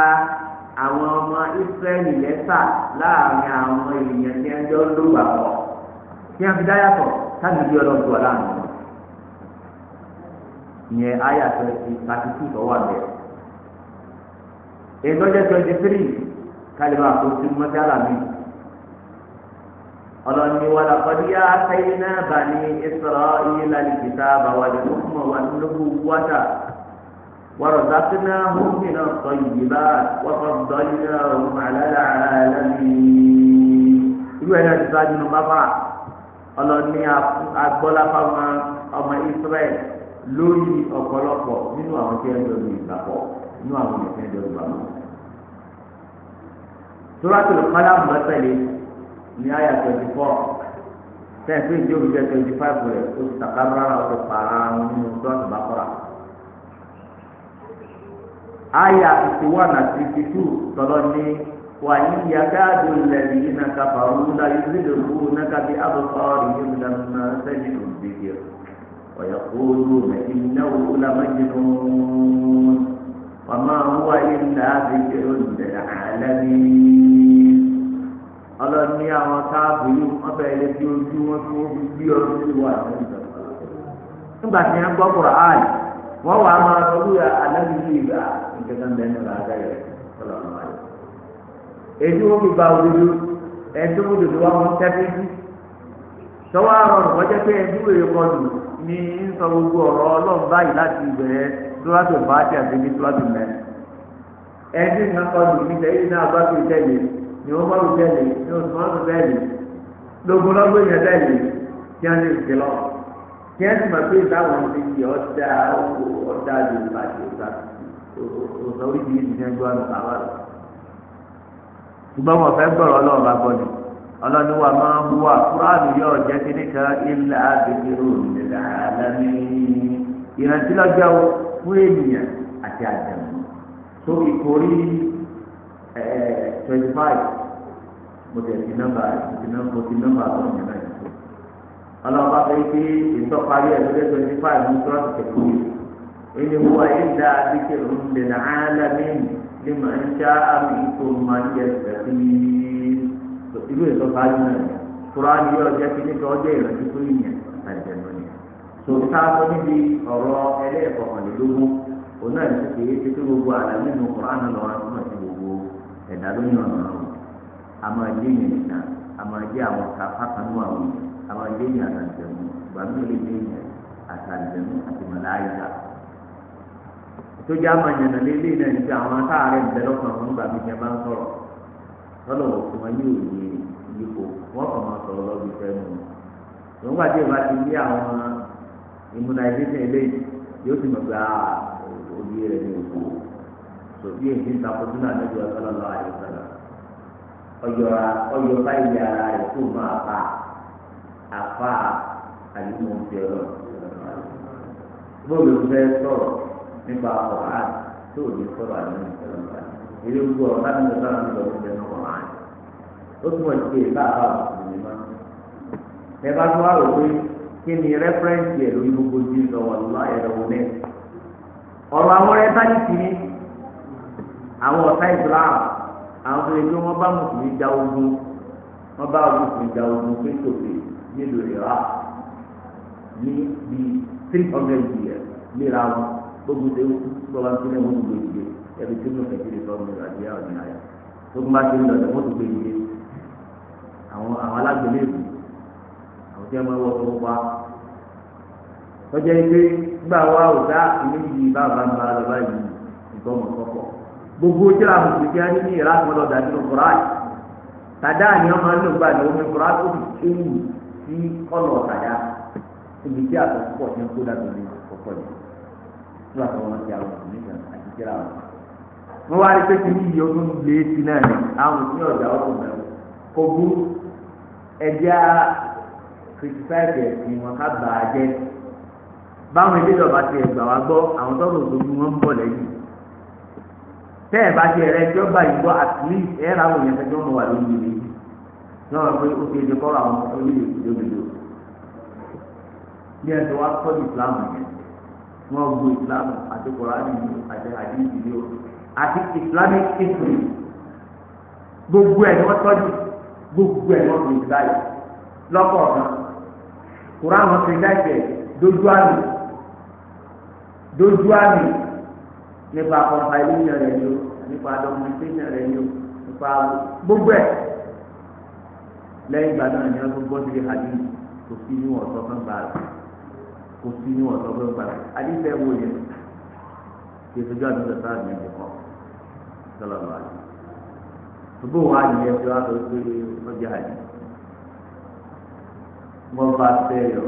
àwọn ọmọ Ísírẹ́lì lẹ́sà láàrin àwọn èèyàn tí wọ́n jọ ń lògbà pọ̀ tí wọ́n fi dá yàtọ̀ tábìlì bí ọlọ́run tó wà láàrin wọn. ìyẹn àyà twenty thirty two tó wà bẹ́ẹ̀. èyí tó jẹ́ twenty three kálíwà kó sí mọ́tálà mi. ọlọ́ni wàlá kọ́díyà sẹ́yìn náà bá ní Ísírẹ́lì lálẹ́ kìtà bàwá lè fún mọ̀ wọ́tà. ورزقناهم من الطيبات وفضلناهم على العالمين يقول هنا الإسلام من بابا ọlọ́ni agbọ́lá fáwọn ọmọ Israẹl lórí ọ̀pọ̀lọpọ̀ nínú àwọn tí ẹ ń dọ̀dọ̀ ìgbàpọ̀ nínú àwọn tí ẹ ń dọ̀dọ̀ ìgbàpọ̀. Suratul Qalam mọ́tẹ́lẹ̀ ní àyà twenty four ten fún ìdí òbí jẹ́ twenty five rẹ̀ ó ti tàkàbárà ọ̀sẹ̀ pààrà nínú sọ́ọ̀tù bàkọ́rà. aya fifty one and fifty two sọ̀rọ̀ ní wàyí yàgàdo lẹ́yìn iná kàfàrú láyé sílẹ̀ òkú náà bí abọ́sọ̀ ọ̀rẹ́ yìí lọ́nà sẹ́yìn òbíkẹ́ ويقولون إنه لمجنون وما هو إلا ذكر للعالمين ọlọ́run ní àwọn káàbù yìí wọ́n bẹ̀rẹ̀ lé ojú wọn ọdún sí nígbà tí wọ́n gbọ́ áì wọ́n wà á máa kẹta mẹ́nu là á dá yẹ sọlọ ọmọ rẹ èyí wọn fi ba òdodo ẹtú òdodo wọn wọn tẹ́ fíjú tọ́wọ́ àwọn olùkọ́jẹ́ pé ẹtú wèrè kọlù ní sọ gbogbo ọ̀rọ̀ ọlọ́run báyìí láti ìbẹ̀rẹ̀ tólábì bàtì àbẹ̀bí tólábì mẹ́rin ẹtú ìgbà kọlù ní sẹ́yìn náà bá fi tẹ̀lé ni wọ́n bá fi ni wọ́n lọ òsà oríṣiríṣi ní ẹjọ́ àná bàbá rẹ̀ ṣùgbọ́n wọn fẹ́ gbọ́rọ̀ ọlọ́run bá gbọ́ ni ọlọ́ni wa máa ń wá fúráàlù yóò jẹ́ kíní kan ilà àbẹ̀kẹ̀rọ̀ òmìnira àlámì ìrántí lọ́jọ́ fún ènìyàn àti àjẹmọ́ tó ìkórí twenty five mo tẹ̀ sí nọ́mbà mo ti nọ́mbà àwọn ènìyàn náà ọlọ́run bá fẹ́ pé ìtọ́parí ẹ̀ lọ́jọ́ twenty five mo tọ́ àtẹ̀kùn yìí. إن هو إلا ذكر للعالمين لمن شاء منكم من يستقيم ìlú ètò fàájì náà ni kúránì yóò jẹ́ kí nípa ọjọ́ ìrántí tó yìnyẹn àjẹmọ́ ni. sòtá tó níbi ọ̀rọ̀ ẹlẹ́ẹ̀kọ̀kànlélógún òun náà ti kéé ti tó gbogbo àlà nínú kúránì lọ́wọ́ tó náà ti gbogbo ẹ̀dá lóyún ọ̀nà ọ̀rọ̀ a máa jẹ́ yẹn nìkan a máa jẹ́ àwọn kápákanú àwọn a máa jẹ́ yẹn àtàjẹmọ́ gbàmílẹ̀ yẹn àtàjẹmọ́ àti màláyà tó jẹ́ amanyana lélẹ́ náà ní pé àwọn atáàrẹ̀ ń bẹ lọ́kàn àwọn nígbà mi jẹ́ bá ń sọ̀rọ̀ lọ́dọ̀ wò fún wọn yóò yé yípo wọ́n kàn máa sọ̀rọ̀ lọ́bi fẹ́nu wọn wà tí ìbá ti ní àwọn immunization eléyìí yóò ti mọ̀ pé ah, òbí rẹ̀ ní òkú sòbí èyí ń takò sínú àdéjọ ọ̀sọ́lọ́lọ́ àyọ̀sọ́lọ́ ọ̀yọ̀ra ọ̀yọ̀ báyìí ara rẹ̀ kó máa fa àfa àyùmọ̀ ń tẹ̀ nípa ọ̀hán tó o ní sọ̀rọ̀ àdéhùn ìṣẹ̀lẹ̀ ilé gbogbo ọ̀hán ní ìṣẹ̀lẹ̀ àti ìṣẹ̀lẹ̀ oúnjẹ náà wọ̀ hàn. ó túmọ̀ sí pé ìta àbá òṣèlú mọ́. ẹ bá tó wá rò pé kí ni rẹ́fẹ́rẹ́ǹsì ẹ̀ lórí gbogbo ti lọ wà lọ́wọ́ ẹ̀rọ mẹ́. ọ̀rọ̀ àwọn rẹ̀ bá ní tìmí àwọn ọ̀tá Islam àwọn tó lè gbé bá mùsùlùmí ja ogun wọn bá mùsùlùmí ja ogun pé tòkè nílùú ìrà ní bíi three hundred years léra wọn gbogbo tẹ gbọba tó lẹ mọtò gbèdìde ẹbí tó lọ fẹsẹ lè fọwọ́ mi àti ìyá ọ̀nà ayà gbogbo bá ti lọ lẹ mọtò gbèdìde àwọn àwọn alágbèlè ìlú àwọn tí wọn wọ tó wá tọjá ike gbà wá òdá ìléyìí bàbá ń bá lọ báyìí nǹkan ọmọ kọkọ gbogbo jẹrọ àwọn òṣìṣẹ́ ẹni ní ìlà àtúntò ọdà nínú kùráì tàdá ni wọn máa ń lò gbà ní omi kùráì tó fi kéwù sí kọlọ tàdá ibi tí àtọkọ ti ń kó dàbí ọkọ yìí tí wàá tọwọ́ ti àwọn ọ̀sùn nígbà àti kíra wọn. wọ́n wá rí pé kí ní iye ó tún lé sí náà ni àwọn òsì ọ̀dà ọ̀sùn náà kò bú ẹ̀jẹ̀ kìrìtìfáìtì ẹ̀sìn wọn ká bà á jẹ́ báwọn ilé ìjọba ti ẹ̀gbà wá gbọ́ àwọn tọ́lọ̀ òṣogbo wọn ń bọ̀ lẹ́yìn tẹ́ ẹ̀ bá ti ẹ̀rẹ́ tí ó bá yìí gbọ́ at least ẹ̀ ra àwọn ìyẹn fẹjọ́ mọ̀ wà lórí ilé yìí náà pé ó fi ẹ̀jẹ̀ kọ́ àwọn orílẹ̀ èdè lóbìnrin ní ẹ̀ tó wá kọ́ ìsìlámù yẹn wọn gbọ́ islam àti koran yìí àti hadith yìí o àti islamic history gbogbo ẹ̀ ni wọ́n tọ́jú gbogbo ẹ̀ ni wọ́n fi gbà yìí lọ́pọ̀ ọ̀kan koran wọn fi dáìpẹ́ dojú àmì dojú àmì nípa compilation rẹ̀ ni o nípa documentation rẹ̀ ni o nípa gbogbo ẹ̀ lẹ́yìn ìgbà náà ni wọ́n tún gbọ́ sí hadith kò sí ní wọ́n sọ fún gbàgbọ́ kò sí ní wọn lọ́gbọ́n gbà adífẹ́ wo yẹn kí ètò ìjọba ìjọba sáà ní ìjọba sọlọ lọ àjẹ gbogbo wa nìyẹn tí wàá lọ sí ọjà àjẹ wọn bá fẹ́ yọ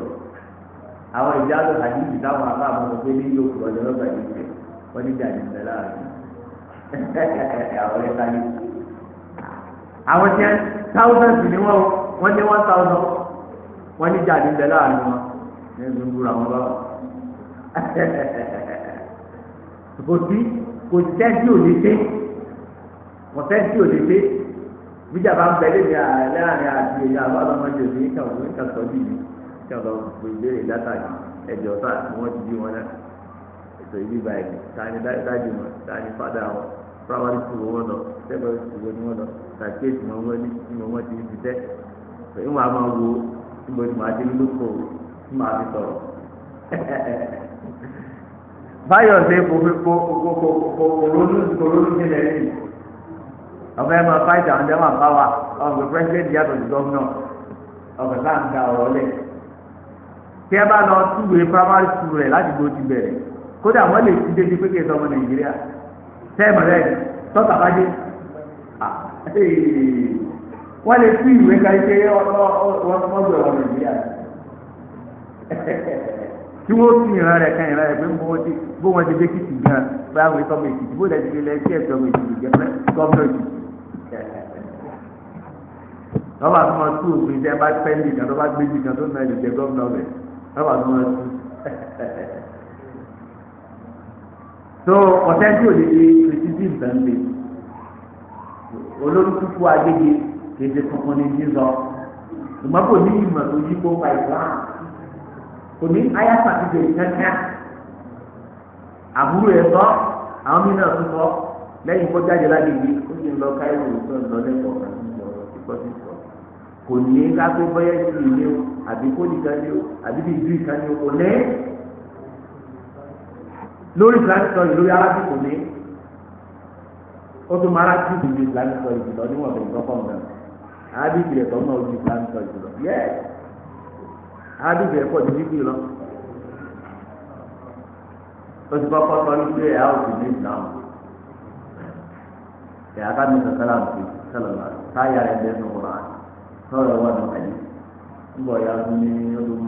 àwọn ìjà lọ àjẹ ìjì táwọn afá àwọn ọgbẹ ní yóò kúrò ọjọ́ lọgbà yìí tẹ wọn níjà ní ìfẹ́ láàrin *laughs* àwọn ẹ̀ka yìí àwọn tí táwọn sì ni wọn wọn ní wọn táwọn wọn níjà ní ìfẹ́ láàrin wọn ní ẹgbẹ́ ń búra wọn báwọn kò sí kò sí sẹ́ńtì òde dé kò sẹ́ńtì òde dé bíjà bá ń bẹ lé ní àárín àti èyà àbálọ́mọdé òde ní kàwé ní kàtọ́ bí mi kí ọ̀dọ́ gbé ìbéèrè dátà yìí ẹ̀jọ̀ sáà tí wọ́n ti bí wọn náà ètò ìbí báyìí tani dájú wọn tani fádà wọn primary school wọn lọ secondary school wọn ni wọn lọ tàkíyèsí wọn wọn ní tí wọn ti ń ṣiṣẹ́ ìwọ̀n a máa wo tí mo ti máa dé lóko máa fi báyọ̀ ṣe kò ronú ronú ní ilẹ̀ yìí ọ̀fẹ́ ẹ̀ máa fáìtì àwọn jẹ́wọ́n àbá wa ọ̀gbẹ́ pírẹ́sidẹ́ntì yàtọ̀ sí gọ́vnọ̀ ọ̀gbẹ́ bá ń da ẹ bá lọ túwèé primary school rẹ̀ láti gbó ti bẹ̀rẹ̀ kódà wọ́n lè ti dédé pé kí nàìjíríà tẹ́ẹ̀mù rẹ̀ tọ́ta bá dé lè ìwé *laughs* tí wọ́n fi ìran rẹ̀ kan ìran rẹ̀ pé bó wọn ti dé kìtì gan bá àwọn ìtọ́mọ èkìtì bó lẹ́sìn ilẹ̀ ẹ̀sìn ẹ̀sìn ọmọ èkìtì jẹ́ pẹ́ gọ́ọ̀mù èkìtì. lọ́wọ́ àti wọn tú òfin jẹ́ bá pẹ́ ní ìkan tó bá gbé jìkan tó náà lè jẹ́ gọ́ọ̀mù ọ̀bẹ lọ́wọ́ àti wọn tú. tó *laughs* ọ̀tẹ́ tí ò lè ṣe kìrìtìtì nǹkan lè olórí kúkú agbègbè kéde kankan ní jíjọ ìmọ̀ òní ayé àtàkùjẹ ìtẹ́tẹ́ àbúrò ẹ̀ sọ àwọn mí náà tún sọ lẹ́yìn kó jáde láti ibi ó sì ń lọ káyọ̀ òwúrọ̀ ń lọ lẹ́kọ̀ọ́ àti ìjọba ìkọ́ sí sọ kò ní kápé bọ́yá sí ilé o àbí kó nìkan ní o àbí bí ìdú ìkan ní o kò ní lórí ìsìlámù sọ yìí lórí arábì kò ní ó tún máa rájú ìdílé ìsìlámù yìí lọ níwọ̀n bẹ̀rẹ̀ tọ́kọ̀ mọ́ arábì ìdílé tọ́kọ̀ mọ́ ìsìlámù sọ yìí lọ yẹ́ẹ̀. hadith yẹn pọ̀ ju zikiri lọ o ti kọ́kọ́ sọ ní pé ẹ̀yà òsì ní ìsìlámù ẹ̀yà ká mi sọ sẹ́lá mi sẹ́lá mi táyà rẹ̀ bẹ́ẹ̀ nù wọ́n sọ̀rọ̀ wọn nù ẹ̀yìn nígbà ya ọdún ní ọdún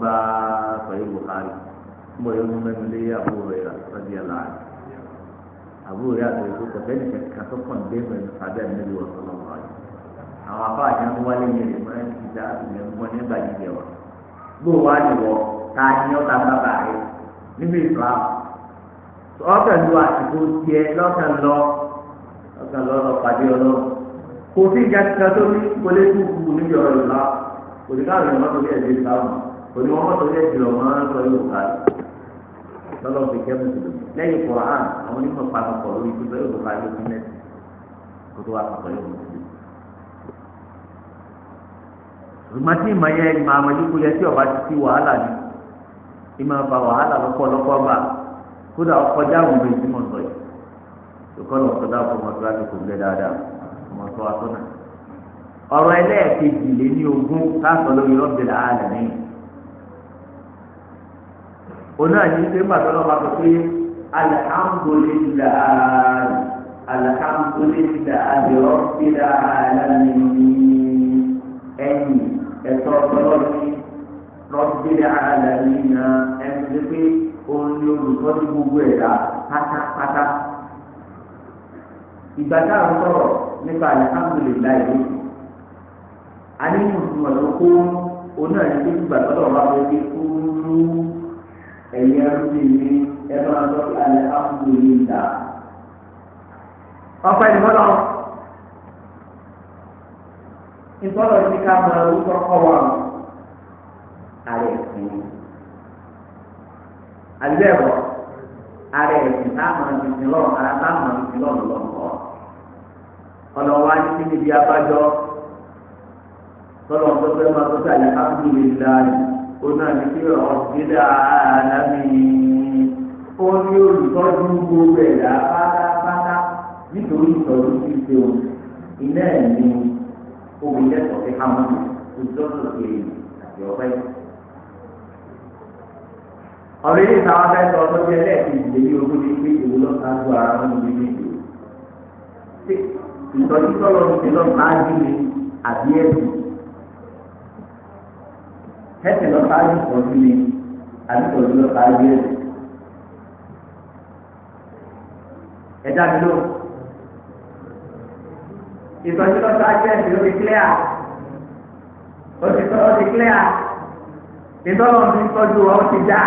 Buhari ya ọ̀yà ọdún mẹ́nu lé àbúrò rẹ̀ lọ́dí ẹ̀ láàyè àbúrò rẹ̀ àti ẹ̀kọ́ kọ̀ọ̀tẹ́nì kẹ̀kẹ́ tó kàn dé mẹ́nu àwọn afáà yẹn ń wọlé yẹn lè mọ́ra ti dá ìyẹn ń wọlé nígbà yìí yẹ wọ. gbó wa ni wọ ta ni ọ̀tá bàbá rẹ níbi ìfà ọ̀tẹ̀ lu àsìkò tiẹ̀ lọ́tẹ̀ lọ lọ́tẹ̀ lọ lọ pàdé ọlọ́ kò sí ìjàkíkà tó ní kò lè kú kú níbi ọ̀rọ̀ yìí lọ kò sí káàrin ọmọ tó lè dé sáwọn kò ní ọmọ tó lè dì ọmọ sọ yóò ká lọ́lọ́ fi kẹ́ mùsùlùmí lẹ́yìn kọ̀ọ̀án àwọn onímọ̀ pàtàkọ̀ lórí ìdúpẹ́ yóò ká yóò fi mẹ́sì kó tó wà pàtàkọ̀ yóò mùsùlùmí ìmọ̀ tí ìmọ̀ yẹn ìmọ̀ àmọ̀júkú yẹ tí ọba ti ti wàhálà ni ìmọ̀ ba wàhálà lọ́pọ̀lọpọ̀ bá kódà ọkọjá àwọn ọmọ ìdímọ̀ sọ yìí ìkọlù ọ̀sọ̀dá fún ọmọ tíwájú kò gbé dáadáa ọmọ tó wa sọ́nà. ọ̀rọ̀ ẹlẹ́ẹ̀kejì lé ní ogún káàsọ̀ lórí ọ̀bẹ̀lẹ̀ ààlẹ̀ ní. oná yìí ṣe ń bàtọ́ lọ́ba sọ pé alihamudulilayi alihamudulilayi ọ̀bẹ̀lẹ̀ ààlẹ̀ ní ẹ̀yìn ẹ̀tọ́ ọlọ́ọ̀ni rọ́bìlẹ̀ àlàyé na ẹni tó pé òun ni olùtọ́jú gbogbo ẹ̀dá pátápátá. ìgbà tá à ń sọ̀rọ̀ nípa alihamudulilayi ló sùn. a ní mùsùlùmọ̀ tó kó òun náà ní pé ìgbà tọ́lọ̀ wá pé pé kó rú ẹ̀yẹ rúbi ní ẹ máa sọ pé alihamudulilayi. ọ̀pẹ ìfọ́nà ìtọ́lọ̀ ti ká máa ń tọ́kọ̀ wà mọ́ ara ẹ̀sìn ni àlùbẹ̀rọ̀ ara ẹ̀sìn tá a máa ti sin lọ́wọ́ ara tá a máa ti sin lọ́wọ́ lọ́wọ́ ọ̀nà wa ní kí níbi abájọ tọ́lọ̀ tó fẹ́ máa tó sí àyàká fún mi láàyè ó ní kí ọ̀gbẹ́dà àlámì ó ní olùtọ́jú gbogbo ẹ̀dá pátápátá nítorí ìtọ́jú ti ṣe òun iná ẹ̀ ní obìnrin lẹ́tọ̀ọ́ sí hamadu ìjọ́sọ̀ sí èyí àti ọ̀pẹ́. ọ̀rọ̀ yìí táwọn afẹ́ sọ lọ́jọ́ ẹlẹ́ẹ̀kejì lé ní ogún ní pé èwo lọ́ sáájú ara wọn ní méjì o. ìtọ́jú sọ̀rọ̀ ti lọ sáájú ni àbí ẹ̀sìn. ẹ̀sìn lọ sáájú ìtọ́jú ni àbí ìtọ́jú lọ sáájú ẹ̀sìn. ẹ̀dá mi lóhùn ìtọ́jú lọ́sọ̀ ájẹ́ǹtì ló ti clear à ó ti tọ́ ó ti clear à ìtọ́lọ́ ti tọ́jú ọ ti dá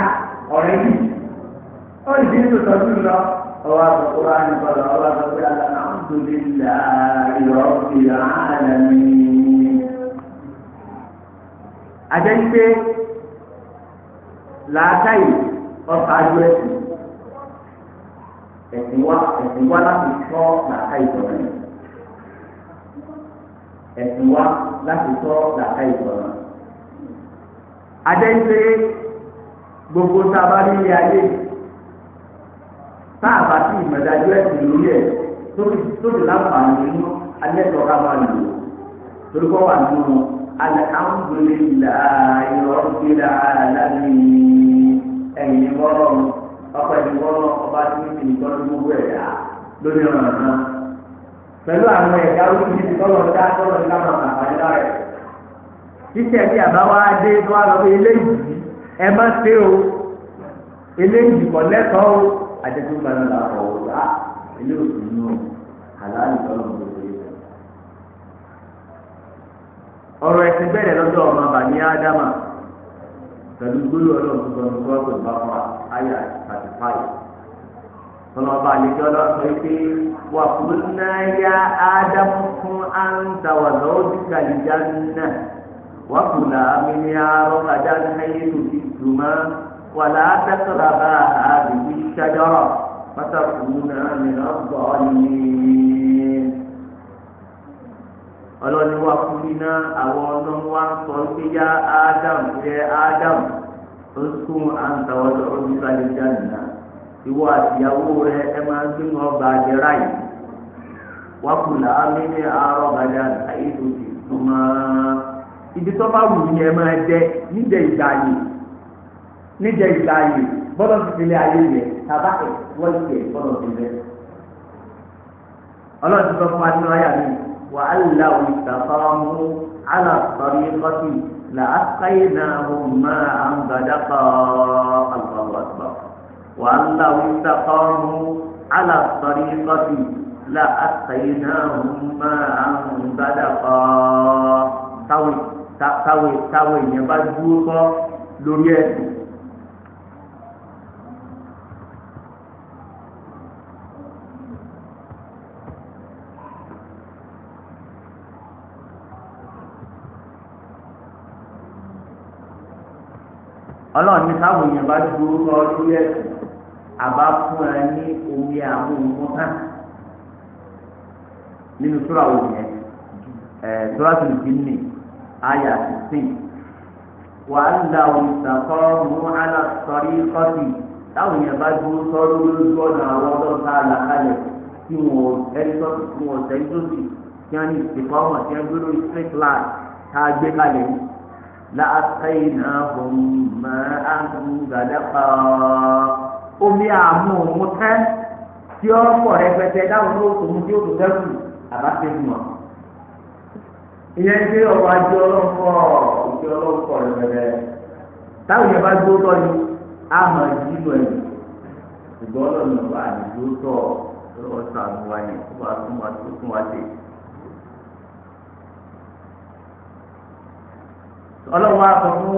ọ̀rẹ́ yìí ó ti dín tòtọ́jú lọ ọwọ́ àbùkù ànìkọ̀lọ̀ ọwọ́ àbùkù àlàmúdùlélà ìrọ̀bì àlàmì. àjẹ́ńpé làákàyè ọ̀sà àjọ ẹ̀sìn ẹ̀sìn wá ẹ̀sìn wá láti tọ́ làákàyè tọ̀rọ̀ yìí ẹ̀sìn wa láti tọ́ làkà ìsọ̀rọ̀. Adéǹsé gbogbo sábà nílé ayé sáàbà tí ìmọ̀dájú ẹ̀sìn lórí ẹ̀ tóbi láǹfààní nínú alẹ́tọ̀ọ́ká máa lò torí kọ́ wà nínú alhamdulillahi rabbil alamin ẹ̀yìn wọ́rọ̀ ọ̀pẹ̀ ìwọ́rọ̀ ọba tí ń fi ìtọ́jú gbogbo ẹ̀dá lórí ọ̀nà náà. pẹ̀lú àwọn ẹ̀dá oríṣiríṣi tọ́lọ̀ dá tọ́lọ̀ ní káwọn àbáyé lára ẹ̀. Iṣẹ́ bí àbáwá dé tó wá lọ pé eléyìí ẹ má ṣe o, eléyìí kọ̀ lẹ́tọ̀ọ́ o, àdéhùn gbaná la ọ̀ wá ilé òsì nù àlàyé tọ́lọ̀ ní Ọ̀rọ̀ ẹ̀sìn bẹ̀rẹ̀ ọmọ Bani Ádámà pẹ̀lú gbólóhùn ọlọ́run tọ́lọ́ bá àlejò ọlọ́sọ pé wà kúnná yá ádámù fún àǹtàwà lọ́wọ́dì kàlíjà nà wà kùnà mímí arọ́ kàjá náyé lòdì jùmọ́ wà látàkàrà bá àbíbí ṣájọ́rọ̀ pátákùnà mìíràn bọ̀ ní. ọlọ́ni wà kúnná àwọn ọlọ́run wá sọ pé yá ádámù yẹ ádámù tó sún àǹtàwà lọ́wọ́dì kàlíjà nà ìwọ àtìyàwó rẹ ẹ máa ń gbé wọn bá jẹ ráyè wọn kù láàmì ní àárọ̀ bàjẹ́ àdáyé tó ti súnmọ́ ibi tó bá wù yẹn máa jẹ níjẹ ìgbà yìí níjẹ ìgbà yìí bọ́dọ̀ ti ayé yẹn tàbá ẹ̀ wọ́n ti ẹ̀ bọ́dọ̀ ti lẹ̀ ọlọ́run ti sọ fún wa nínú ayà mi wà á lè láwùí ìtàfà mú alàtọ̀rí kọ́tì là á sáyé náà ó máa ń gbàdá kọ́ ọ̀gbọ̀gbọ̀. وأنهم استقاموا على الطريقة لأسقيناهم ماء غدقا táwọn táwọn táwọn èèyàn bá dúró kọ́ lórí ẹ̀sìn. ọlọ́run ní táwọn èèyàn bá dúró kọ́ lórí ẹ̀sìn àbá fúnra ní omi àmúhùnkúntà nínú sura wo yẹn ẹ sura tó ti nì àyà sixteen wà á la òǹtàkọ́ mú àlà sọrí kọ́tì táwọn yẹn bá dúró sọ́rọ́ lójú ọ̀nà àwọn ọlọ́ta àlàkalẹ̀ tí wọn ẹni tó tí wọn ò tí wọn ní ìsìnkú ọmọ tí wọn dúró straight line tá a gbé kalẹ̀ yìí la náà fún mi máa ń gbàdá pa omi àmú òun tẹ́ tí ó pọ̀ rẹpẹtẹ dáhùn ló tó mú tí ó tó dẹ́kù àbáṣe mọ̀. ìyẹn ń gbé ọkọ̀ ajé ọlọ́pọ̀ ìjọ ọlọ́pọ̀ rẹpẹtẹ táwọn yẹn bá gbó tọ́ ni àmọ̀ ìdílò ẹ̀ ṣùgbọ́n ọlọ́run wà ní gbó tọ́ lọ́wọ́ wa ni ó wàá tún wá tó tún wá dé. ọlọ́run wa sọ fún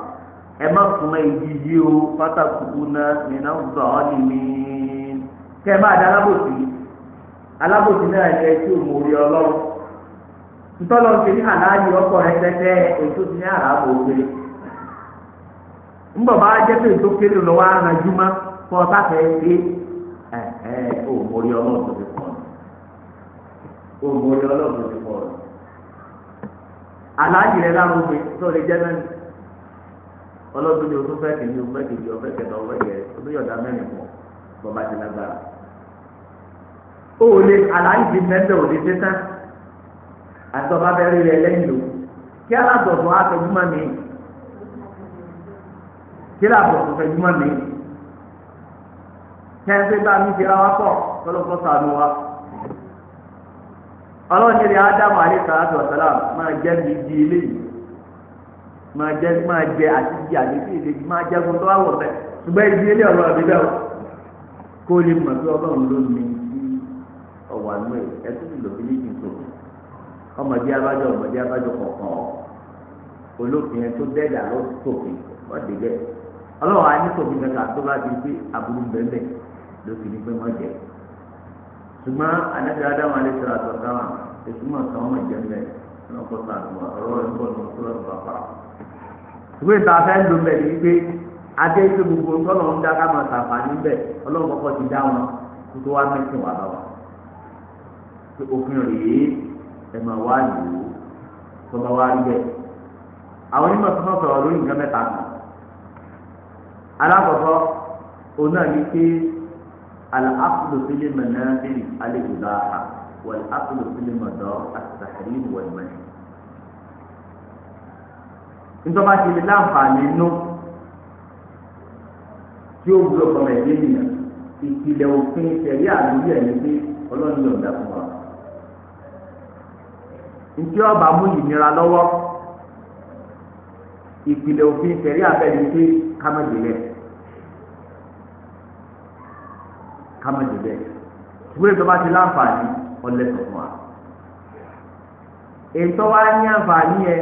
E ma súnmọ́ ìdíje o pátákùkù náà nínú ọ̀dọ́ ọ̀nìmí kẹ́ ẹ máa dá alábòsí alábòsí náà yẹ kí òun orí ọlọ́run ntọ́lọ́ ṣe ní àlàyé ọkọ̀ rẹ ètò ti ní àràbò gbé ńbọ̀ bá jẹ́ pé ètò lọ́wọ́ fún ọ orí ọlọ́run tó ti pọ̀ orí ọlọ́run tó ti pọ̀ ọlọ́dún ni o tún fẹ́ kìíní o fẹ́ kìíní o fẹ́ kẹta o fẹ́ kẹ o tún yọ̀dá mẹ́rin mọ́ bọ́ba ti lágbára. o ò lè aláì ti mẹ́tẹ̀ ò lè dé tán àtọ́ba bẹ́ẹ̀ rí rẹ lẹ́yìn o kí alábọ̀tọ̀ afẹ́júmọ́ mi kí alábọ̀tọ̀ fẹ́júmọ́ mi kẹ́ńté bá mi ti ra wá pọ̀ kọ́lọ́kọ́ sànù wa. ọlọ́ọ̀ni rẹ̀ ádámù alẹ́ sàlátù ọ̀sálàm máa jẹ́ mi di eléyìí máa jẹ máa jẹ àti jẹ àti tí èdè máa jẹ fún tọ́wọ́ wọ̀ bẹ́ẹ̀ ṣùgbọ́n ìdí ilé ọ̀rọ̀ mi bẹ́ẹ̀ kó lè mọ̀ pé ọlọ́run ló ní sí ọ̀wà nù ẹ̀ ẹ tún lò fi níbi tó ọmọdé abájọ ọmọdé abájọ kọ̀ọ̀kan olófin ẹ tó dẹ́dà ló tòfin ọ̀dẹ̀ bẹ́ẹ̀ ọlọ́run á ní tòfin mẹ́ta tó bá di pé àbúrú bẹ́ẹ̀ ló fi ní pé wọ́n jẹ ṣùgbọ́n anábìá dáwọn ìwé ìta fẹ́ ló bẹ̀ ní pé adé tó gbogbo tọ́lọ̀ ń dá káma tàfà níbẹ̀ ọlọ́run kọ́kọ́ ti dá wọn kó tó wá mẹ́sìn wà bá wa. pé òfin rèé ẹ máa wá lò ó tó bá wá rí bẹ́ẹ̀. àwọn onímọ̀ tó náà sọ̀rọ̀ lórí nǹkan mẹ́ta kan. alákọ̀ọ́kọ́ òun náà ní pé àlàáfíà sílẹ̀ mọ̀ náà bẹ̀rẹ̀ alẹ́ ìgbà wà àlàáfíà sílẹ̀ mọ̀ dọ́ àtàrí ìwọ̀n ìmọ̀ ntọ́ba ti lè láǹfààní nú tí ó wúlò fún ẹ̀ lẹ́yìn ìpìlẹ̀ òfin tẹ̀lé àdúgbò ẹ̀ ní pé ọlọ́run yóò dá fún wa. ntí ọba mú ìnira lọ́wọ́ ìpìlẹ̀ òfin tẹ̀lé abẹ́ ní pé kámẹ́dìlẹ̀ kámẹ́dìlẹ̀ ìwúrẹ́ tọ́ba ti láǹfààní ọlẹ́sọ̀ fún wa. ètò wa ní àǹfààní yẹn.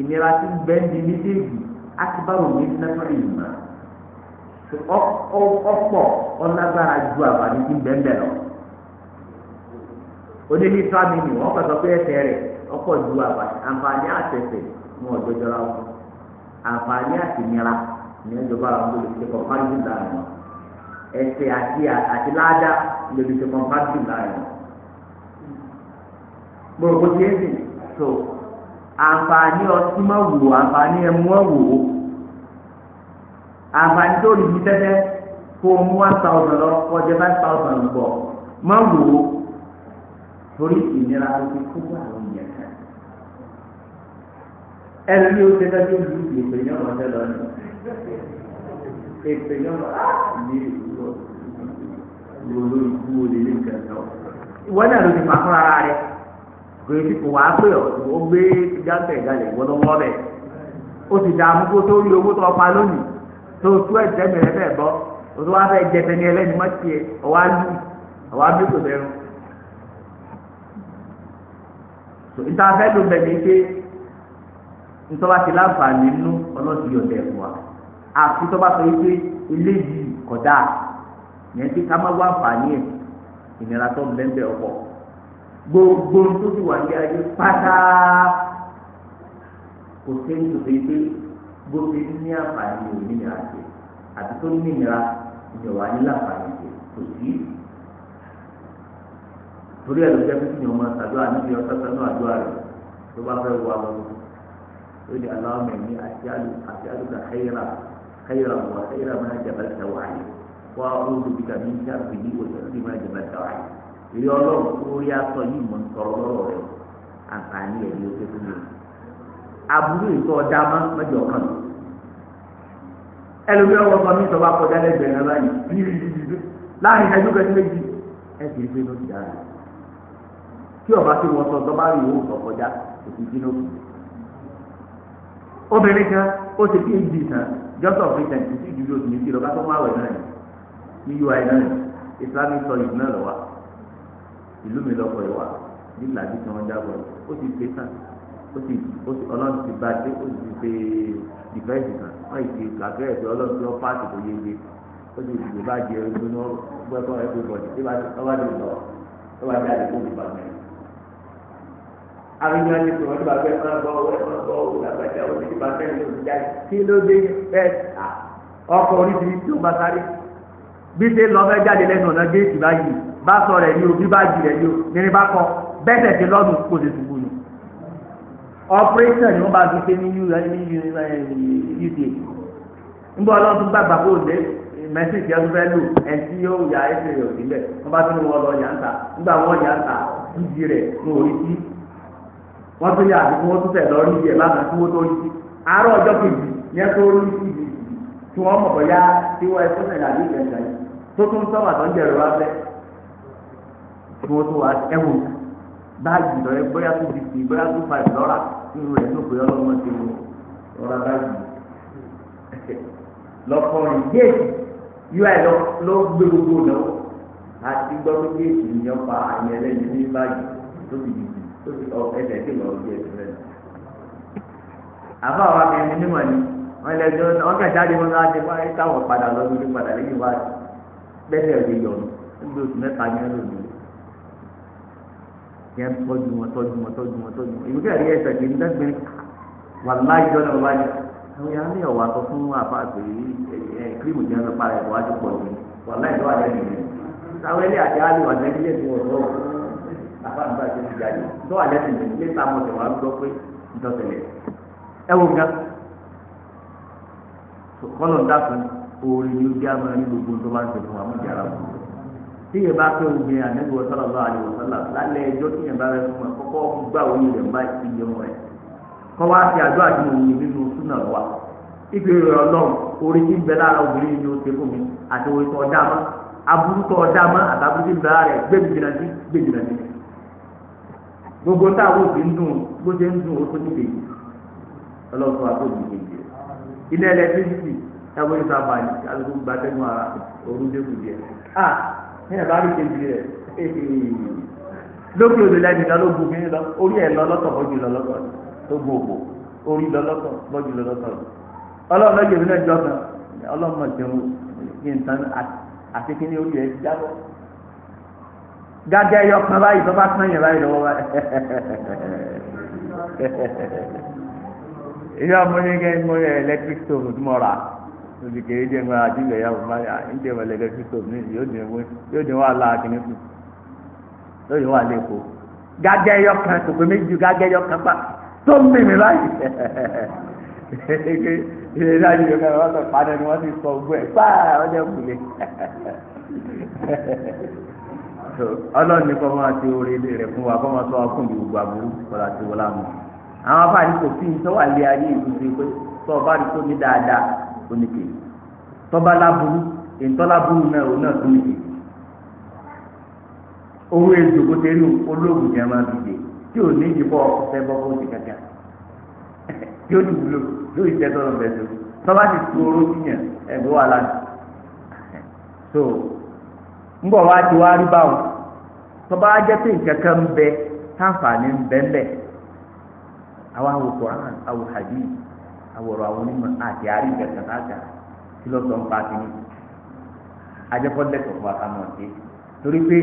ìnira tí ń bẹ ní méjèèjì akíbárò mi nínú ìmọ̀ ọ̀pọ̀ ọlágbára ju àbàní tí ń bẹ ń bẹ lọ onílé fámi ni wọn kọsọ pé ẹsẹ̀ rẹ̀ ọ̀pọ̀ ju àbàní àǹfààní àtẹsẹ ní ọjọjọra wọn àǹfààní àtìnira ní ọjọba àwọn olùsèkọ kọmpáàtì láàrin wọn ẹsẹ̀ àti àti láàdá olùsèkọ kọmpáàtì láàrin wọn gbogbo tí ẹ so àǹfààní ọtí mọ̀ wò àǹfààní ẹmu mọ̀ wò àǹfààní tó rí mi tẹ́tẹ́ kó o mú one thousand lọ kọjá five thousand bọ̀ mọ̀ wò torí ìnira ló fi kó bá àwọn èèyàn kan ẹni yóò ṣe lọ́jọ́ ìlú ìpè ní ọ̀rọ̀ ọ̀tẹ́ lọ́nà èpè ní ọ̀rọ̀ ní ìlú olórí kú olè ní nǹkan náà ìwọ náà ló ti fà fún ara rẹ̀ gbé tí kò wáá pè ọ́ ó gbé gáàsẹ̀ ìdálẹ̀ ìwọ lọ́wọ́ rẹ̀ ó sì dààmú kó tó rí owó tó pa lónìí tó tú ẹ̀jẹ̀ mẹ́rẹ́ bẹ́ẹ̀ bọ́ o tó wá fẹ́ jẹ tẹni ẹlẹ́ni má tiẹ̀ ọwá lù ọwá bí kò bẹ̀rù. ìta fẹ́ ló bẹ̀ ní pé ntọ́ba ti láǹfààní nínú ọlọ́sìn yọ̀dẹ̀ fún wa àfi tọ́ba sọ wípé eléyìí kódà yẹn ti ká má wá àǹfààní ẹ̀ ìnira tó ń bẹ́ẹ̀ bẹ́ẹ̀ ọkọ̀ gbogbo tó ti wà ní ayé pátá kò sẹ́yìn tó fi gbé gbogbo ní àǹfààní òmìnira ṣe àti tó mìnira ìjọba ní láǹfààní ṣe kò sí. torí ẹ̀ ló jẹ́ pé kíni ọmọ ṣàdúrà níbi ọ̀sán náà àdúrà rẹ̀ tó bá fẹ́ wà lọ́wọ́ ó ní aláwọ̀ mẹ́mí àti àlùkà xeyra xeyra wà xeyra máa jẹ́ bẹ́ẹ̀ tẹ̀ wáyé wà ó lùbí kàmí sábìlì wò sẹ́yìn máa jẹ́ bẹ́ẹ̀ tẹ̀ ìyá ọlọ́run tó rí aṣọ yìí mọ̀ ń tọrọ lọ́rọ̀ rẹ̀ àǹfààní ẹ̀ ní oṣù fún mi aburú ìtọ ọdá má mẹ́jọ kan lọ ẹlòmíràn wọn sọ mí sọba kọjá lẹ́gbẹ̀ẹ́ náà báyìí láàrin ẹjọ́ bẹ́ẹ̀ méjì ẹ sì rí pé ló ti dára tí ọba tí wọn sọ sọba rí owó sọ kọjá òfin kí ló kù obìnrin kan ó ti phd tán just of recent ti ju yóò tún ní sí lọ bá tó máa wẹ̀ náà ní ui náà islamic studies náà lọ wa ìlú mi lọ́kọ̀ ìwà nílà bí tí wọ́n jábọ̀ ó ti pé tán ó ti ọlọ́run ti bá dé ó ti pé dìfẹ́ǹsì kan wọ́n yìí ti kàkẹ́ ẹ̀sẹ̀ ọlọ́run tí wọ́n pààtì tó yege ó ti dìbò bá jẹ ẹgbẹ́ náà gbẹ́kọ̀ ẹgbẹ́ bọ̀dì tí wọ́n bá dé lọ ó bá dé àdìgbò mi bá ti bá fẹ́ máa bọ́ ti bá fẹ́ lóun jáde kí ló bá sọ rẹ̀ ni o bí bá jì rẹ̀ ni o nírin bá kọ ti operation ni wọ́n bá fi ṣe ní uda nígbà ọlọ́dún gbàgbà kó lè mẹsìkì ọdún fẹ́ lò ẹtí yóò yà ẹsẹ̀ rẹ̀ òsì lẹ̀ wọ́n bá tún lọ ta nígbà wọ́n yà ń ta ní orí sí tún yà tún lọ rí kí wọ́n tó wá ẹ̀wù báàgì lọ́rẹ́ bóyá tó di sí bóyá tó fa ìlọ́ra nínú rẹ̀ tó pè ọlọ́mọ ti mú ọ̀rá báàgì lọ́kọ̀ọ́rin géètì ui lọ ló gbé gbogbo náà àti gbọ́ pé géètì ni wọ́n fa àyè ẹlẹ́yìn ní báàgì tó fi dìbò tó fi ọ ẹsẹ̀ tí lọ́ọ́ di ẹsẹ̀ rẹ̀ àbá wa kẹ́ni nímọ̀ ni wọ́n lè jọ wọ́n kẹ̀ jáde wọn yẹn tọ́jú wọn tọ́jú wọn tọ́jú wọn tọ́jú wọn ìgbésẹ̀ rí ẹsẹ̀ kì í dẹ́gbẹ́ wàláì jọ́nà ọba yẹn àwọn yàrá ní ọ̀wà sọ fún àfa pé ẹ kírímù jẹ́ ọ̀sán para ẹ̀kọ́ wájú pọ̀ lómi wàláì lọ́wọ́ àlẹ́ nìyẹn táwọn ẹlẹ́ àti àlè ọ̀dẹ́ ilé ti wọ̀ lọ́wọ́ àfa nígbà tó ti jáde lọ́wọ́ àlẹ́ nìyẹn ilé ta mọ̀ tẹ̀wá gbọ́ pé ìtọ́sẹ̀lẹ̀ ẹ wo tí yẹn bá pé ogun yẹn ànágbé wọ́sọ́lá lọ́wọ́ àdìwọ̀ sọ́lá lálẹ́ ẹjọ́ tí yẹn bá rẹ fún ẹ kọ́kọ́ gbà òye rẹ̀ bá ti yẹ wọn rẹ̀ kọ́ wá sí àdó àti òun yìí nínú súnà wa ibi rẹ̀ ọlọ́run orí tí ń bẹ lára obìnrin yìí ni ó ṣe fún mi àti orí tó ọdá mọ́ aburú tó ọdá mọ́ àtàbí tí ń bẹ lára rẹ̀ gbẹ̀gbìnà sí gbẹ̀gbìnà sí gbogbo táwọn ní ẹ̀ bá rí kejì rẹ̀ eh, lókè òde lẹ́nu lọ ló bu kí lọ orí ẹ̀ lọ lọ́tọ̀ bọ́jú lọ lọ́tọ̀ tó bu òbò orí lọ lọ́tọ̀ bọ́jú lọ lọ́tọ̀ ọlọ́run lọ́jọ́ ìbílẹ̀ jọ kan ọlọ́run mọ̀ jẹun kí n tan àti kí ni orí ẹ̀ jábọ̀ gàdé ẹyọ kan báyìí tó bá tán yẹn báyìí lọ́wọ́ báyìí *laughs* ìyá mo ní kẹ́ mo yẹ electric stove tí lóbi kéré díẹ̀ máa àti ilẹ̀ yàwó máa yà ń tẹ̀wọ̀ lẹ́gẹ́ kristo ní yóò dín owó yóò dín owó àlá kìíní kù yóò dín owó àlẹ́ kù gágẹ́ yọ kan kòkó méjì gágẹ́ yọ kan pa tó ń mímì báyìí ilé náà yìí lọ́kàn sọ padà ni wọ́n ti sọ ogun ẹ̀ pàà ọjọ́ ìkùlé ọlọ́run ní kọ́ máa orí ilé rẹ̀ fún wa kọ́ sọ ọkùnrin gbogbo àbúrú kọ́lá ti wọlé àmọ́ àwọn lé ayé ìlú pé tọ́ ọ bá rí dáadáa oníkejì tọ́ba láburú ìtọ́láburú náà òun náà tóníkejì owó èdòkó tẹ́lẹ̀ olóògùn ni a máa fi dé tí ò ní ìdìbò ọ̀sẹ̀ bọ́ fún ti kàkà tí ó ti wúlò lórí ìtẹ́tọ́ lọ bẹ̀ tó tọ́ba ti tu oró síyàn ẹ̀gbẹ́ wà lánàá *laughs* so ńgbọ̀ wá ti wá rí báwọn tọ́ba á jẹ́ pé nǹkan kan ń bẹ táǹfààní ń bẹ́ńbẹ́ àwọn àwòkọ́ àwọn àwòhàdí yìí àwòrán àwọn onímọ̀ àti àárín ìgbẹ̀sán láta kí ló sọ ń pa sí ni ajẹ́kọ́lẹ́kọ̀ọ́ fún akamọ̀ sí torí pé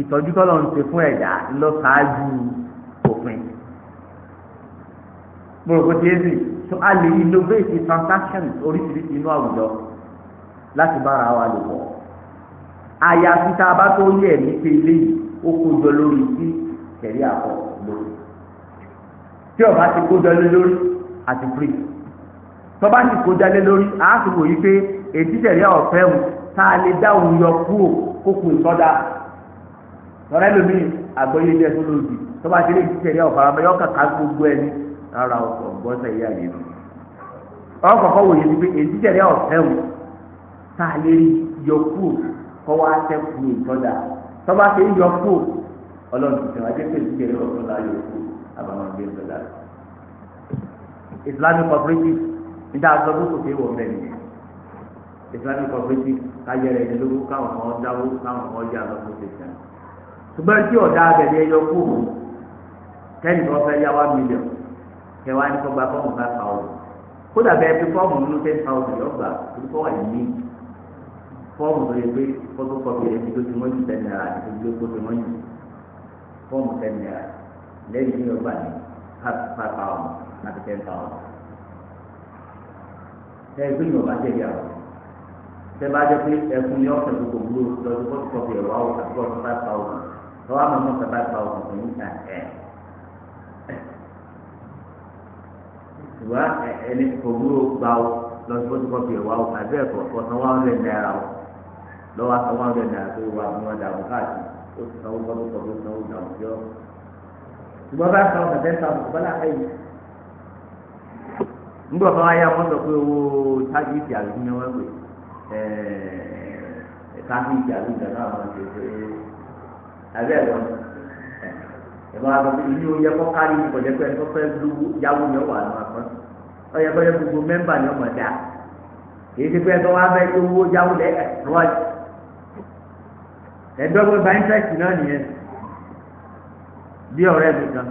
ìtọ́jú tọ́lọ̀ ń ṣe fún ẹ̀dá lọ ṣáájú òfin mo rò pé so a lè innovate transactions oríṣiríṣi inú àwùjọ láti bára wa lò pọ̀ àyàfi tá a bá tó yẹ̀ ní pé eléyìí ó kó jọ lórí sí kẹ̀rí àpọ̀ lórí. tí ọba ti kó dalé lórí àti tọba ti kó dalé lórí ti pé èyí tẹ̀lé ọ̀fẹ́ mu tá a lè dá òun yọ kúrò kó kù lómi àgbọ̀yé tọba ti lè ti tẹ̀lé ọ̀fẹ́ yọ gbogbo ẹni rárá ọ̀gbọ́sẹ̀ yíyá yìí nù wò pé èyí tẹ̀lé ọ̀fẹ́ tá a lè yọ kúrò wá tẹ́ kù tọba ti yọ kúrò àbámọ̀ gbé ńlọ dára islamic cooperative níta sọ fún kò kéwọ bẹ́ẹ̀ ni islamic cooperative káyẹrẹ ẹni lówó káwọn ọmọ dáwó káwọn ọmọ yá lọ fún tẹsán ṣùgbọ́n tí ọ̀dà abẹ̀lẹ̀ ẹyọ kú kẹ́ni tó fẹ́ yá wá mílíọ̀n kẹwàá ní kó gba fọ́ọ̀mù bá pa ọ́ kódà bẹ́ẹ̀ fi fọ́ọ̀mù nínú ten thousand ọgbà orúkọ wà ní fọ́ọ̀mù tó yẹ pé fọ́tò kọ́pì ti tó ti mọ́jú ten naira àti tó ti mọ́jú fọ́ọ̀mù ten naira lẹ́yìn tí o bá ní five pounds àti ten pounds. ṣé ẹgbẹ́ yìí ò bá jẹ̀bi àwọn ṣé bá jẹ́ pé ẹkùn ní ọ̀sẹ̀ gbogbo gbúrò lọ́dún fọ́tí kọ́fì ẹ̀rọ àwọn àti ọ̀sẹ̀ five thousand lọ́wọ́ àmọ́ mọ́ sẹ́ five thousand fún yín kan ẹ̀. ṣùgbọ́n ẹni kò gbúrò gbà ó lọ́dún fọ́tí kọ́fì ẹ̀rọ àwọn àti ẹ̀kọ́ ọ̀sán wọn rẹ̀ náírà ó lọ́wọ́ àtàwọn rẹ̀ náírà tó wà ní wọn dàrú káàkiri ó ti sanwó fọ́tí kọ́fì ó sanwó dàrú ṣùgbọ́n bá sọ ọ̀sẹ̀ tẹ́sán ọ̀sẹ̀ bọ́lá ẹ̀yìn nígbà kan ayé wọn sọ pé owó táàgì ìtì àlùkù ni wọn gbé ẹẹ táàgì ìtì àlùkù àwọn ṣe abẹ́ ẹ̀rọ ẹ̀rọ àgbàdo ìlú kọ́ kárí ìkọ̀jẹ́ pé ẹni tó fẹ́ lu yàwó ni ó wà gbogbo mẹ́mbà ni ọmọ pé fẹ́ owó yàwó ẹ̀dọ́gbẹ́ bá ń tẹ̀sí náà nìyẹn. bí ọ̀rẹ́ mi kan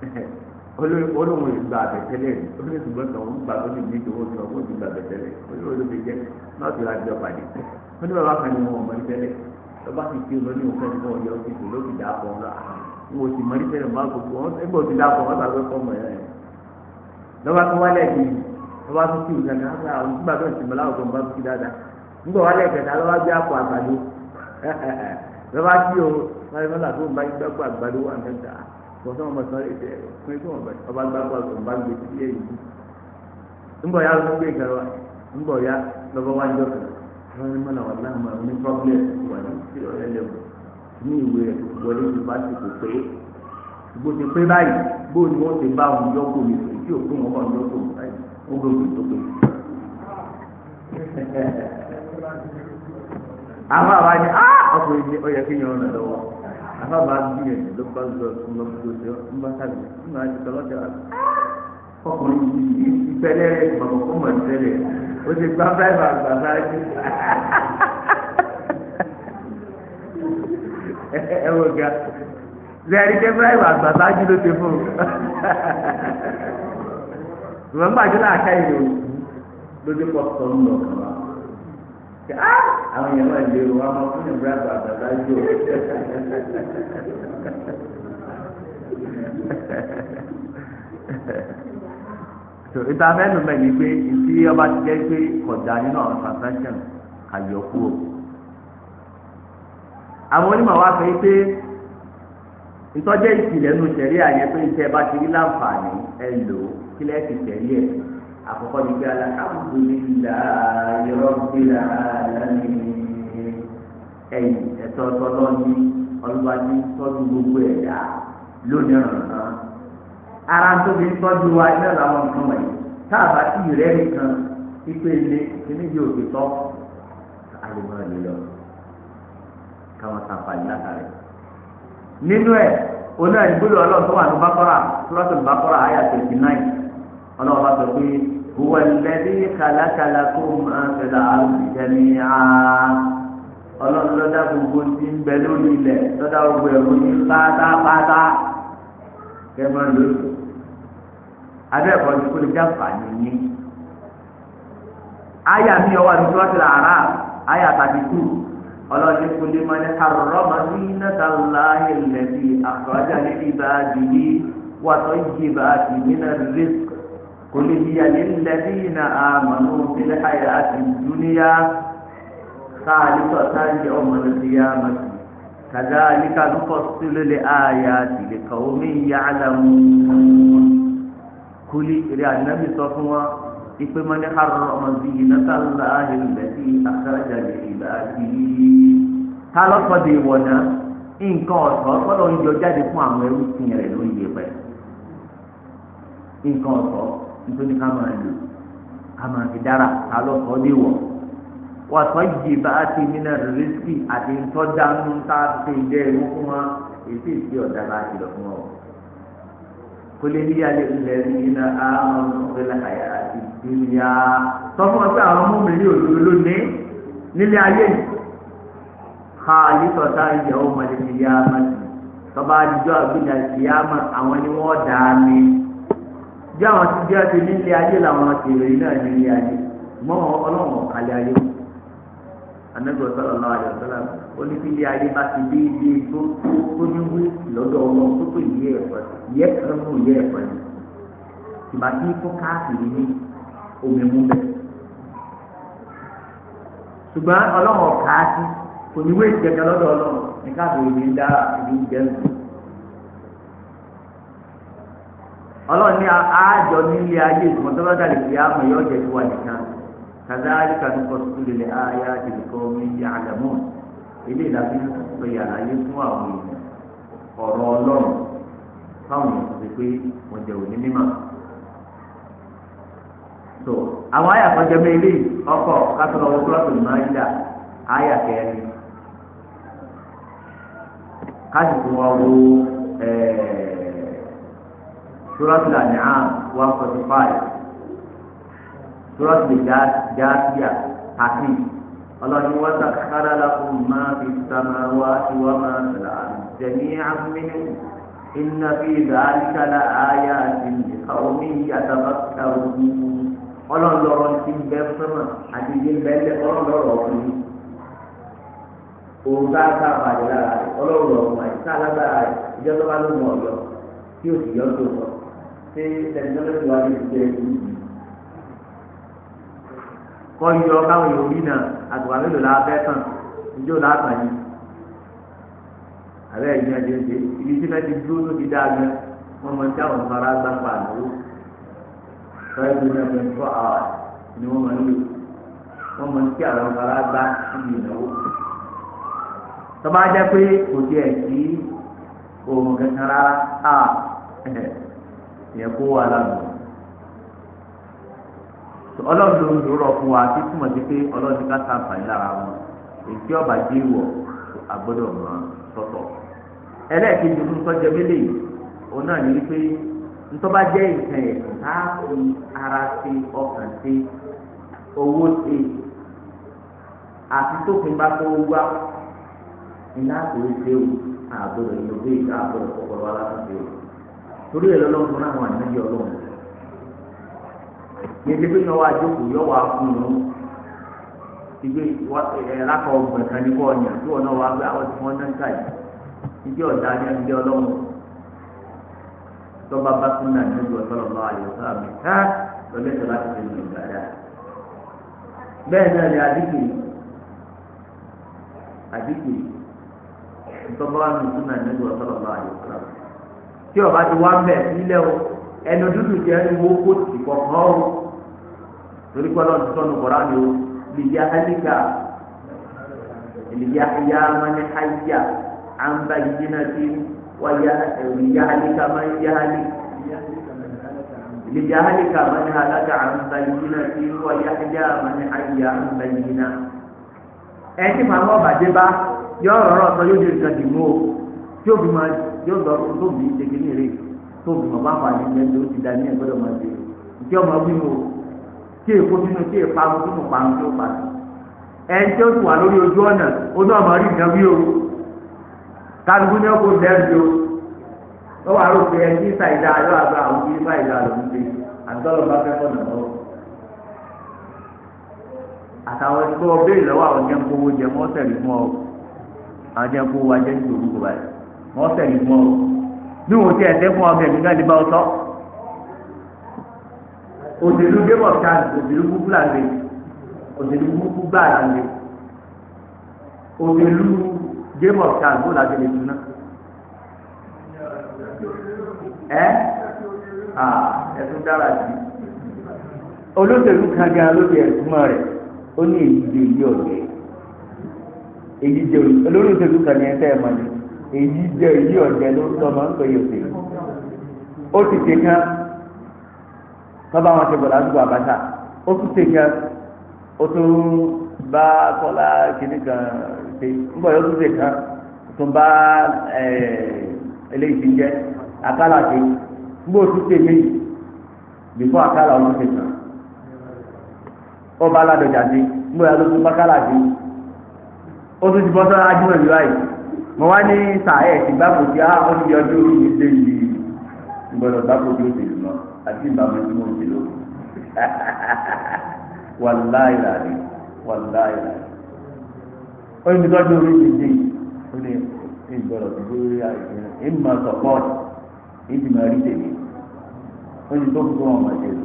*laughs* olóhùn ìgbà àbẹ̀tẹ́lẹ̀ olóṣùgbọ́n tó ń gbà tó ní ìdíje tó ń gbà àbẹ̀tẹ́lẹ̀ olóhùn ìjẹ́ nọ́ọ̀sì láti jọ pàdé wọ́n ní bàbá kan ní wọn mọ̀ nítẹ́lẹ̀ ọba ti fi ńlá wọn ò sì nítẹ́lẹ̀ wọn ẹgbẹ́ òsì wọn ẹ̀ lọ́ba ah, tó wálẹ̀ tó náà *laughs* láti fẹ́ làbó bá yí gbàgbọ́ àgbàdo wà nígbà bọ́ sọ́wọ́n bá fún ikú wọn ọba gbàgbọ́ àgbàdo bá gbé sí ya ló gbé ya wá jọ wà láàmú àwọn ní problem wà ní lẹ́wọ̀ ní ìwé rẹ̀ wọlé ti bá ti kò pé bó ti pé báyìí bó ni wọ́n ti bá wọn Apa gbìyànjú ló bá lọ fún lọ fún lọ ń bá sábì ń bá jùlọ lọ́jà ọkùnrin yìí ìpẹ́lẹ́ rẹ̀ bàbá kó mọ̀ tẹ́lẹ̀ ó ti gbá fáìfà gbà sáájú. ẹ wò ga lẹ́yìn tẹ́ fáìfà gbà sáájú ló ti fún un. ìwọ̀n gbàdúrà àká ìlú ló ti pọ̀ Ah! àwọn yẹn máa lè wọ́n máa fún ìbúra bàbá lájú o. so ìta mẹ́nu mẹ́ni pé ìdí ọba ti jẹ́ pé kọjá nínú àwọn transaction àyọkú o. àwọn onímọ̀ wa fẹ́ pé ìtọ́jẹ́ ìsìlẹ̀ nù sẹ̀rí àyẹ̀ pé ìtẹ́ bá ti rí láǹfààní ẹ lò kílẹ̀ ti tẹ̀lé ẹ̀ àkọ́kọ́ ni pé alhamdulillahi rabbil alamin ẹ̀yìn ẹ̀tọ́ tọ́lọ́ ní ọlọ́wájú tọ́jú gbogbo ẹ̀dá lónìí ọ̀nà ara tó fi tọ́jú wa iná làwọn nǹkan wọ̀nyí táàbà tí ìrẹ́ nìkan pípé ilé kíní yóò fi tọ́ àlùmọ́ ẹ̀ lọ káwọn sàǹfààní látàrí nínú ẹ̀ onáà ìgbélé ọlọ́run tó wà ní bákọ́rà lọ́sọ̀ bákọ́rà àyà twenty nine ọlọ́run bá sọ pé. هو الذي خلق لكم ما في الأرض جميعا ọlọ́run lọ́dá gbogbo ti ń bẹ lórí ilẹ̀ lọ́dá gbogbo ẹ̀kọ́ ní pátápátá kẹmọ lórí abẹ́ ẹ̀kọ́ ni kò lè já fàánì ní. àyà mi ọwọ́ àti tíwọ́tì làárá àyà tàbí tù ọlọ́dẹ kò lè mọ ní àrọ́mọ ní nàtàlá ìlẹ̀dì àkọ́jà ní ìbàdí wàtọ́ ìjìbàdí nínú rìsk. قل هي للذين آمنوا في الحياة الدنيا خالصة يوم القيامة كذلك نفصل الآيات لقوم يعلمون قل إلى النبي صلى الله عليه وسلم ipe mani harrama zinata allahi lati akhraja li ibadihi ta ló sọ de ìwọ náà nǹkan ọ̀sọ́ gbọ́dọ̀ ń yọ jáde fún àwọn ẹrú tìǹrẹ̀ lóye pẹ̀ nǹkan ọ̀sọ́ nítorí ká máa lò ká máa fi dára ká lọ́kọ́ lè wọ̀ wà sọ yìí bá a ti nínú rìsíkì àti ntọ́jà ń ta ṣe ìdẹ́ ẹ̀rú fún wa èsì ìsì ọ̀dà bá ti lọ fún ọ. kó lè ní alẹ́ ilẹ̀ nínú àwọn ọ̀gbẹ́lẹ̀ àyà àti ìdúnyà sọ fún ọ pé àwọn ọmọ mi ní òdo lónìí nílé ayé yìí ká àyíkọ̀ tá ìyàwó mọ̀lẹ́bí yá máa ti tọ́ba àdìjọ́ àgbéjà ìyá máa àwọn ni wọ́n dà ní bí àwọn ti bí ọtí nílé ayé làwọn èrè náà nílé ayé mọ ọlọ́run ọ̀kàlẹ̀ ayé anabi sallallahu alaihi wasallam onífìlẹ ayé bá ti dé ibi tó tó tó níwú lọ́dọ̀ ọlọ tó tó yẹ ẹfọ yẹ ẹfọ yẹ ẹfọ yìí tìmátì fún káàkiri ní omi mú bẹ ṣùgbọ́n ọlọ́run ọ̀kàá sí kò ní wéé jẹjẹ lọ́dọ̀ ọlọ́run ní káàkiri ní dára ìlú jẹun. ọlọ́run ní àjọ nílé ayé ìgbìmọ̀ tó bá dàlè fi àmọ̀ yọ ọ̀jẹ̀ tó wà nìkan kàdáàlì kanú kọ́sùkú lè ayé àjẹkọ́ mi yà àdàmú ilé ìdàbí sọ yàrá yé fún àwọn èèyàn ọ̀rọ̀ ọlọ́run fáwọn èèyàn ti pé wọ́n jẹ́ òní mímọ́ so àwọn àyà kan jẹmọ ilé ọkọ kásán ọwọ kúlọọtù ní máyídà àyà kẹrin káàdì tó wà wọ suratul An'am one forty five suratul Jathiyah thirteen ọlọ́ni wọ́n sakhkhara lakum ma fi samawati wa ma fil ardi jami'an minhu inna fi dhalika la ayatin li qawmin yatafakkarun ọlọ́nlọ́rọ̀ ti ń bẹ fẹ́mà àti ti ń bẹ lẹ ọlọ́nlọ́rọ̀ ọ̀hún òun bá ká àbàdé lára rẹ̀ ọlọ́rọ̀ ọ̀hún àti ká alágbára ìjọba ló mọ̀ ọ̀yọ́ tí ó sì yọ́ tó mọ̀ pé tẹkinọlọsì wa ti jẹ ìlú kọ yọ káwọn yòówì náà àtùwà mélòó la fẹ́ tàn ìjọ la tàn yìí àbẹ ìyẹn àti ẹsẹ ibi tí náà ti dúró tó ti dáa gbẹ wọn mọ tí àwọn fara gbà pa àdúró sọyìn tó náà fẹ́ fọ àwọn ni wọn mọ nílò wọn mọ tí àwọn fara gbà síbi ìnáwó tọ́ba jẹ́ pé kò tiẹ̀ sí òun kankan rárá a. ìyẹn kó wà lánàá ọlọ́run ló ń dúró fún wa tí túmọ̀ sí pé ọlọ́run ká sàǹfààní lára wọn èsì ọba jí wọ̀ agbọ́dọ̀ mọ́ sọ́tọ̀ ẹlẹ́ẹ̀kejì fún sọ́jà mélèé òun náà a ara ọkàn owó àti bá tó wá ní láti o àgbọ̀dọ̀ ìgbà àgbọ̀dọ̀ láti torí ẹ̀ lọ́lọ́run fún àwọn ànábì ọlọ́run yẹn pé yọ wá jókòó yọ wá fún un ìgbé ẹ̀rákọ ọgbọ̀n kan ní kọ́ọ̀yàn tí wọn náà wá gbé àwọn tí wọn náà ń tà yìí ìdí ọ̀dà ni ẹ̀ńdí ọlọ́run tọ́ba bá tún náà níbi ọ̀tọ́lọ̀ bá wà yóò sáà ká lọ́lẹ́ tó láti fi lè gbà dáa. bẹ́ẹ̀ náà ni àdìkìrì àdìkìrì tọ́ba wà nù náà níbi ọ̀tọ́lọ̀ bá wà yóò sáà tí ọba ti wá mẹ nílẹ̀ o ẹnu dúdú jẹ ìwọ kóòtù kọkàn o torí pé ọlọ́run sọnù bọ̀rọ̀ àmì o lìyà alíkà lìyà ayá mani ayá àǹbá yìí náà ti wáyà lìyà alíkà mani yá alíkà لجهلك من هلك عن بينة ويحيى من حي عن بينة. ẹ ti fà wọn bàjẹ́ bá yọ ọ̀rọ̀ ọ̀sán yóò di nǹkan o tí òbí máa yọ lọ tóbi ṣègbè ní èrè tóbi mọ bá wà nínú ẹni tó ti da ní ẹgbẹrẹ máa ṣe ìdí ọmọ bí mo tí èkó sínú tí èpamọ tí mo pamọ tí ó pa ẹni tí ó ti wà lórí ojú ọ̀nà ó náà máa rí ìdán wí o kálukú ní ọkọ lẹ́rìí o lọ́wọ́ àrò pé ẹni ìta ìdá yọ àgbà àwọn kí ìta ìdá ló ṣe àtọ́lọ́ bá fẹ́ fọ́nà lọ́wọ́ àtàwọn ẹni ọbẹ̀ ìlọ́wọ́ àwọn jẹ́ ń kówó jẹ mọ́ àwọn jẹ́ ń kówó wa jẹ́ ń báyìí. wọ́n sẹ̀lẹ̀ ọ bí wọ́n ti ẹ̀sẹ̀ fún ọbẹ̀ nígbà tí bá ọ game of chance òṣèlú kúkú là kúkú gbà game of chance ó náà. ẹ dára olóṣèlú kan gan ó ní èyí jẹ́ ìyí èyí olóṣèlú kan ní èyí jẹ́ èyí ọ̀jẹ̀ ló ń tọ́mọ ń pè yòtè ó ti ṣe kán tọ́ba wọn ti bọ̀ lásìkò àbáṣà ó tún ṣe kán ó tún bá kọ́lá kìíní kan ṣe ń yóò tún ṣe kán ó tún bá eléyìí ti jẹ́ àkàlà ṣe ń tún ṣe méjì bìfọ́ àkàlà ọdún ṣe kàn ó bá aládọ̀jà ṣe ń yóò mo wá ní sàáyẹ̀ tí báwo ti á ah, ó ní ọdún orí mi dé yìí gbọdọ̀ báwo ti ó ti lù mọ́ àti ìbámu tí mo ti lò *laughs* wàláì làdí wàláì làdí ó ní ọdún orí mi dé yìí ó ní ìgbọdọ̀ tó lórí àìsàn ìmọ̀ sọ̀pọ̀tì ìdìmọ̀ rí tèmi ó ní tó fún ọmọ ìṣe lò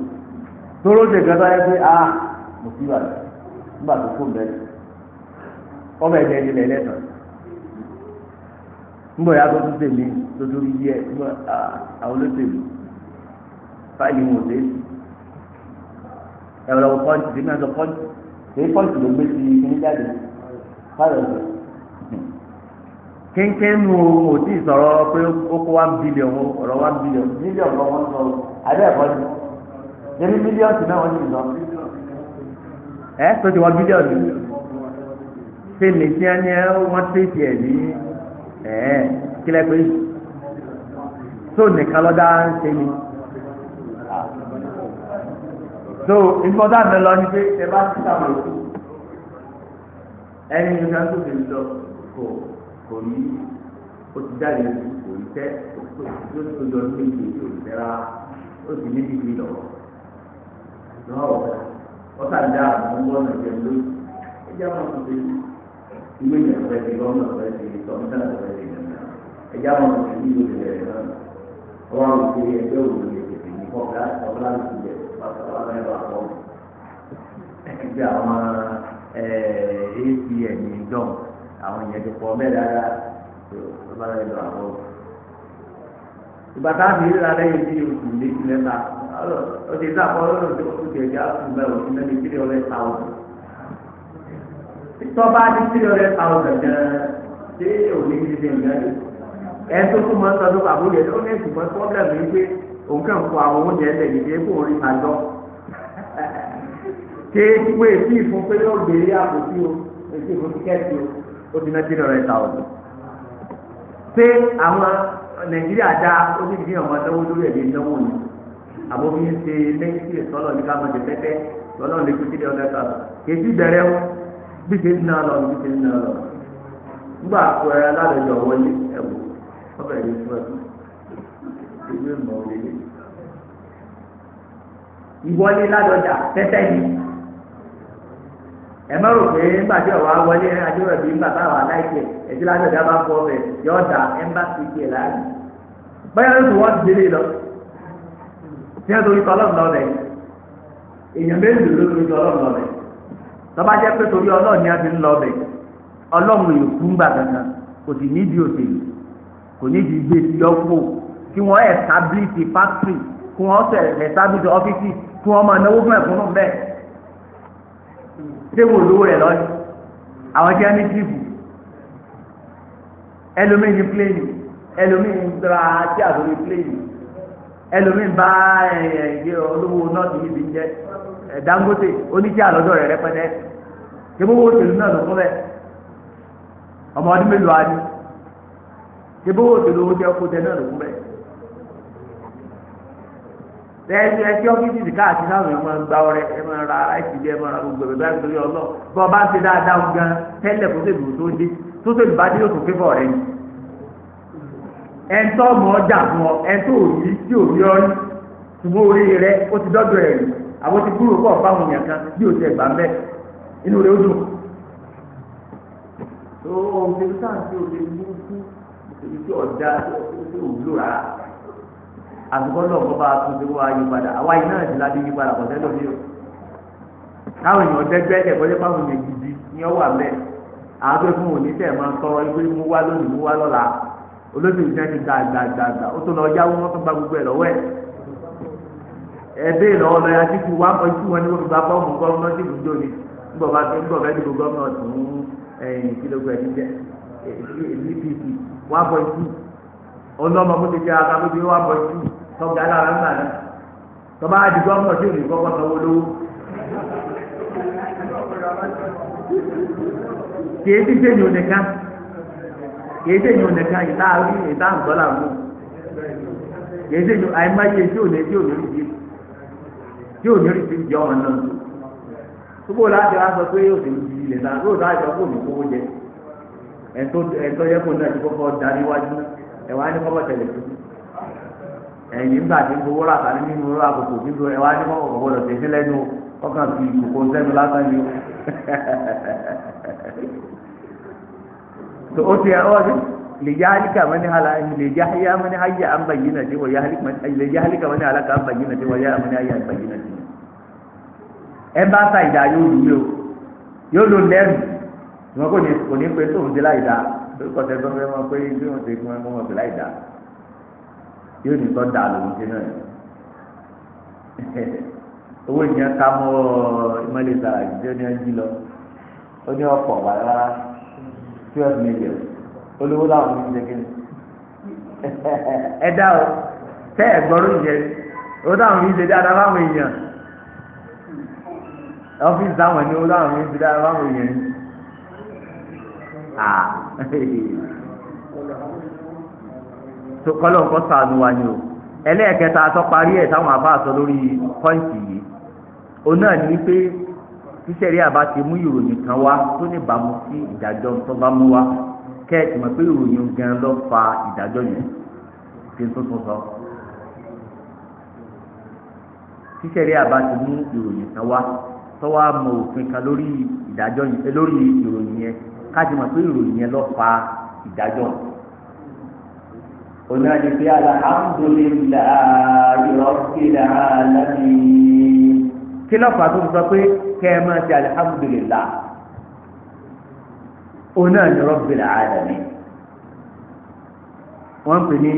tóró ṣe gbẹdọ̀ yẹ pé a ah, mo ti wà nígbà tó fún bẹ́ẹ̀ ọmọ ẹ̀jẹ̀ ìdílé ẹlẹ́tọ̀ọ́ nígbà yà tó tún tèmi tó tún yí ẹ nígbà àwọn olóṣèlú fáìlì wọn ò dé ẹ̀rọ lọ́wọ́ pọ́ǹtì tèmi àti pọ́ǹtì èyí pọ́ǹtì ló gbé sí kíní jáde fáìlì ọ̀sẹ̀. kéńké nu ohun ò tí ì sọ̀rọ̀ pé ó kó one billion ọ̀rọ̀ one billion million lọ wọ́n sọ abẹ́ ẹ̀kọ́ ni èmi mílíọ̀nù náà wọ́n ti sọ ẹ̀ tó ti wọ́n bílíọ̀nù tèmi tí wọ́n ti ẹ̀ ní ẹ̀ẹ́ kílẹ̀ pé so nìkan lọ́dá ń ṣe ni so ìfọdà mi lọ ni pé ẹ bá ti sàmì òkú ẹni ìgbà tó fi lọ kò kò ní o ti jáde kò ní tẹ o tó tó lọ ní ìgbè tó ní tẹ́ra o sì ní bíbí lọ lọ́wọ́ ọ̀tá ń dá àwọn ọmọ ọ̀nà ìjẹun lórí ẹ àwọn ọmọ tó ìwé ìjẹun rẹ̀ ti lọ́nà rẹ̀ ti tọ́ ní sàlẹ̀ rẹ̀ ẹ̀yà wọn kò sí ìlú ìbẹ̀rẹ̀ náà wọ́n á wùdí ẹgbẹ́ òwúrọ̀ lè tètè ní kọ́kà ọ̀bọ̀lá lè ti bẹ̀ pàtó àwọn ẹ̀rọ àpọ̀ ẹgbẹ́ àwọn apn ní dọ́n àwọn ìyẹn ti pọ̀ mẹ́rin ara ọ̀bọ̀lá ẹ̀rọ àpọ̀ ìbàtà mi rí lálẹ́ yìí bí oṣù méjì lẹ́ta ọ̀sẹ̀ tí a kọ́ lọ́dọ̀ tó oṣù kẹ̀kẹ́ àtúntò mẹ́wọ̀n sí mẹ́rin tírí ọ̀rẹ́ táwọn tọ́ba ti tírí ọ̀rẹ́ táwọn gẹ̀gẹ́ ṣé òní ti ṣe ìgbàlódé. ẹ̀sùn tó máa ń sọ lóko àbúrò yẹn ó ní ẹ̀sùn pẹ́ pọ́blẹ̀mù yìí pé òun kàn kó àwọn oúnjẹ ẹ̀lẹ̀ yìí dé kó orí máa lọ. ṣé wé sí ìfún pé yóò gbé ilé àpótí o èsì ìfún o ó ti ta ọ̀dọ̀. ṣé àwọn nàìjíríà dá ó ti di ọmọ lórí ni àbóbi ń ṣe lẹ́yìn sọ́lọ̀ ní ọbẹ̀ yìí fún ẹ̀kú ìwé mọ̀ wíwí. ìwọlé ládọjà tẹ́tẹ́ ni ẹ má rò pé nígbà tí ọ̀wá wọlé adéwọ̀ bí nígbà táwọn aláìsẹ̀ ẹ̀dí ládọjà bá fọ ọbẹ̀ yọ̀ ọ̀dà ẹ̀mbàsì tiẹ̀ láàyè. báyọ̀ ló fi wọ́n ti délé lọ tí wọ́n torí tọ́lọ́mù lọ́bẹ̀ èèyàn méjì ló torí tọ́lọ́mù lọ́bẹ̀ tọ́ba jẹ́ pé torí ọlọ́ọ̀ni á ti ń lọ́bẹ̀ ọlọ́mù èèkú ń gbà kankan kò sì nídìí òṣèlú kò ní di gbé yọpọ kí wọn ẹstábílìtì fákítírì kí wọn ẹstábílìtì ọfíìsì kí wọn máa náwó fún ẹkúnnú bẹ́ẹ̀ ṣé wò lówó rẹ lọ ni àwọn tí wọn ní tìbù ẹlòmíì ní pléènì ẹlòmíì ń gba tí àtòrí pléènì ẹlòmíì bá ẹyẹ olówó nọọsì níbi ń jẹ Dangote oníṣẹ́ àlọdọ rẹ rẹpẹtẹ ṣé gbogbo òṣèlú náà ló fún bẹ́ẹ̀ ṣebí owó òṣèlú owó jẹ́ kó tẹ náà lòún bẹ́ẹ̀. Bẹ́ẹ̀ni ẹtí ọ́fíìsì káàkiri náà yóò máa gba ọrẹ ẹ máa ra láìsí ilé ẹ máa ra gbogbo ẹ̀ bá nítorí ọlọ́ bọ́ ọ bá ń ṣe dáadáa ń gan tẹ́lẹ̀ kó tèmi tó dé tó tèmi bá dé yóò tó fẹ́ bọ̀ rẹ ni. Ẹ̀ńtọ́ mọ̀ ọjà fún ọ ẹ̀ńtọ́ òrí tí òrí ọ rí ṣùgbọ́n orí rẹ ó ti dọ́dọ̀ ẹ̀ àwọn ti kúrò pọ̀ fáwọn èèyàn kan bí òṣèlú ẹ̀gbá mẹ́ inú rẹ ó dùn. Ó ibi tí ọ̀dà tí òwúlò rà àdúgbò náà kọ́ bá a tún ti wá yí padà àwa yìí náà ti láti yí padà kọ́ sẹ́lẹ̀ mi o táwọn èèyàn dẹ́gbẹ́ ẹ̀ kọ́jẹ́ fáwọn èèyàn gidi ní ọwọ́ àbẹ́ àwọn fún òní tẹ̀ máa ń tọrọ ibi mú wá lónìí mú wá lọ́la olóṣèlú náà ti gbàgbàgbà ó tó lọ yáwó wọn tó gba gbogbo ẹ̀ lọ́wọ́ ẹ̀ ẹbí ìlọ́wọ́ lọ́ya tí kú wá pọ̀ sí wọn ní gbogbo abọ́ọ̀mù gọ́ọ̀mù náà sì gbùdó ni ńgbọ̀bá tó ńgbọ̀bá ẹ̀dìbò gọ́ọ̀mù náà tún ẹ̀yìn kílógún ẹ̀dí jẹ́ ndpp one point two ọlọ́mọ bó ti jẹ́ aka bụ ti one point two tọ́gbà lára ńlá ni tọ́ba àdìgbò ọmọ tí òní kọ́kọ́ sanwó lówó. kìí ti dé yòó nìkan kìí dé yòó nìkan ìta ìta mú kìí dé tí tí tí tó bó láti wá sọ pé ti ẹ̀ńtọ́ ẹ̀ńtọ́ yẹ kó náà ti kọ́kọ́ da níwájú ẹ̀wá ní ha tẹ̀lé tó ẹ̀yìn ńgbà tí gbowó rà tàbí nínú rà kòkò nínú ẹ̀wá ní kọ́kọ́ kọ́kọ́ lọ tẹ̀sí fi kòkó sẹ́nu lásán ni tó o *laughs* ti ẹ̀ ọ́ ليهلك من هلك ليحيى من ha عن بينته ويهلك من ليهلك من هلك عن بينته ويحيى من حي عن بينته ẹ bá ta ìdá yóò lù yóò lò lẹ́rù ìmọ̀ kò ní kò ní pé tóun ti láì dáa lórúkọ tẹ tó fẹ́ mọ pé bí wọ́n ti fún ẹ mọ́ ti láì dáa yóò ní tọ́ da lòun ti náà *laughs* owó ìyẹn ká mọ́ ìmọ̀lẹ́ sàrà jíjẹ́ ní ẹjí lọ ó ní ọ̀pọ̀ wà rárá twelve million olówó làwọn ní ṣe kíni *laughs* ẹ dá o tẹ́ ẹ̀ gbọ́rọ̀ ìyẹn ó dáhùn yìí ṣe dáadáa láwọn èèyàn ọ́fíìsì táwọn ẹni ó dáhùn yìí ṣe dáadáa láwọn èèyàn tó ah. kọ́lọ̀ ń kọ́ sànù wa ni o ẹlẹ́ẹ̀kẹta tó parí ẹ̀ táwọn àbá sọ lórí pọ́ǹtì yìí òun náà ní pé tíṣẹ̀rí àbá ti mú ìròyìn kan wá tó ní ìbámu sí ìdájọ́ tó bá mú wá kẹ́ ẹ̀ mọ̀ pé ìròyìn gan ló fa ìdájọ́ yẹn kí n tó tún sọ. tíṣẹ̀rí àbá ti mú ìròyìn kan wá tó wá mọ òfin kan lórí ìdájọ́ yẹn lórí ìròyìn yẹn kájí mọ̀ pé ìròyìn yẹn lọ fa ìdájọ́ onáde pé alhamdulillahi rabbil alamin kí lọ́pàá tó ń sọ pé kẹ́ ẹ máa ṣe alhamdulillah onáde rabbil alamin wọ́n pè ní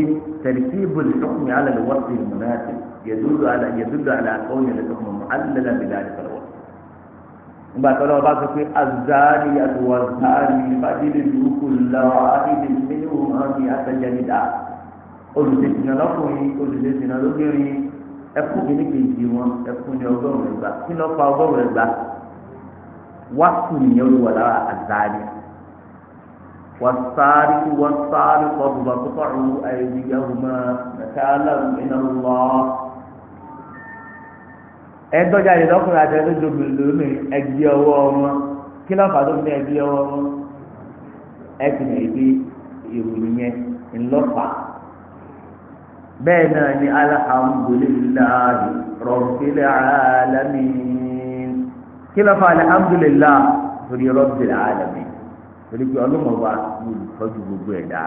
tẹ̀lifíìbù lẹ́kọ̀ọ́ mi alẹ́ lọ́wọ́ sí ìmúnáàtì yẹ́dúró alẹ́ yẹ́dúró alẹ́ akọ́wé lẹ́kọ̀ọ́ mọ́ alẹ́ lẹ́kọ̀ọ́ nígbà tó lọ́wọ́ bá sọ pé azari aduwazari fagilé lukú lọ́wọ́ adídé nínú hàn ní atẹ́jẹ́nidá olùdésìnà lọ́kùnrin olùdésìnà lóbìnrin ẹkún kìíní kejì wọn ẹkún ní ọgọ́rùn-ún ẹgbà kí ló pa ọgọ́rùn-ún ẹgbà wá kù nìyẹn olùwà lára azari wasaari wasaari kọ́ bùbá kó fọ́ọ̀rù ayélujára mọ́ nàkàlà ìnáwó lọ́wọ́ ẹgbẹ́jáde lọ́kùnrin àti ẹgbẹ́jọ́bìnrin lómi ẹgbẹ́ ọwọ́ wọn kí ló fà tó fi ẹgbẹ́ ọwọ́ wọn ẹgbẹ́ ìdí ìròyìn yẹn ńlọ́fà bẹ́ẹ̀ náà ni alhamdulilayi rabbil alamin kí ló fà torí rabbil alamin torí pé ọlọ́mọba ló tọ́jú gbogbo ẹ̀dá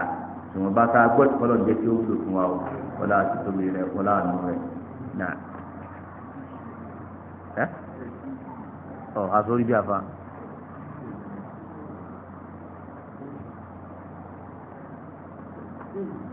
tí wọ́n bá ká gbọ́dọ̀ kọ́lọ̀ jẹ́ kí ó wúlò fún wa o wọ́n á tóbi rẹ̀ wọ́n á nù náà ẹ ọ àsórí bí àfa. Thank you.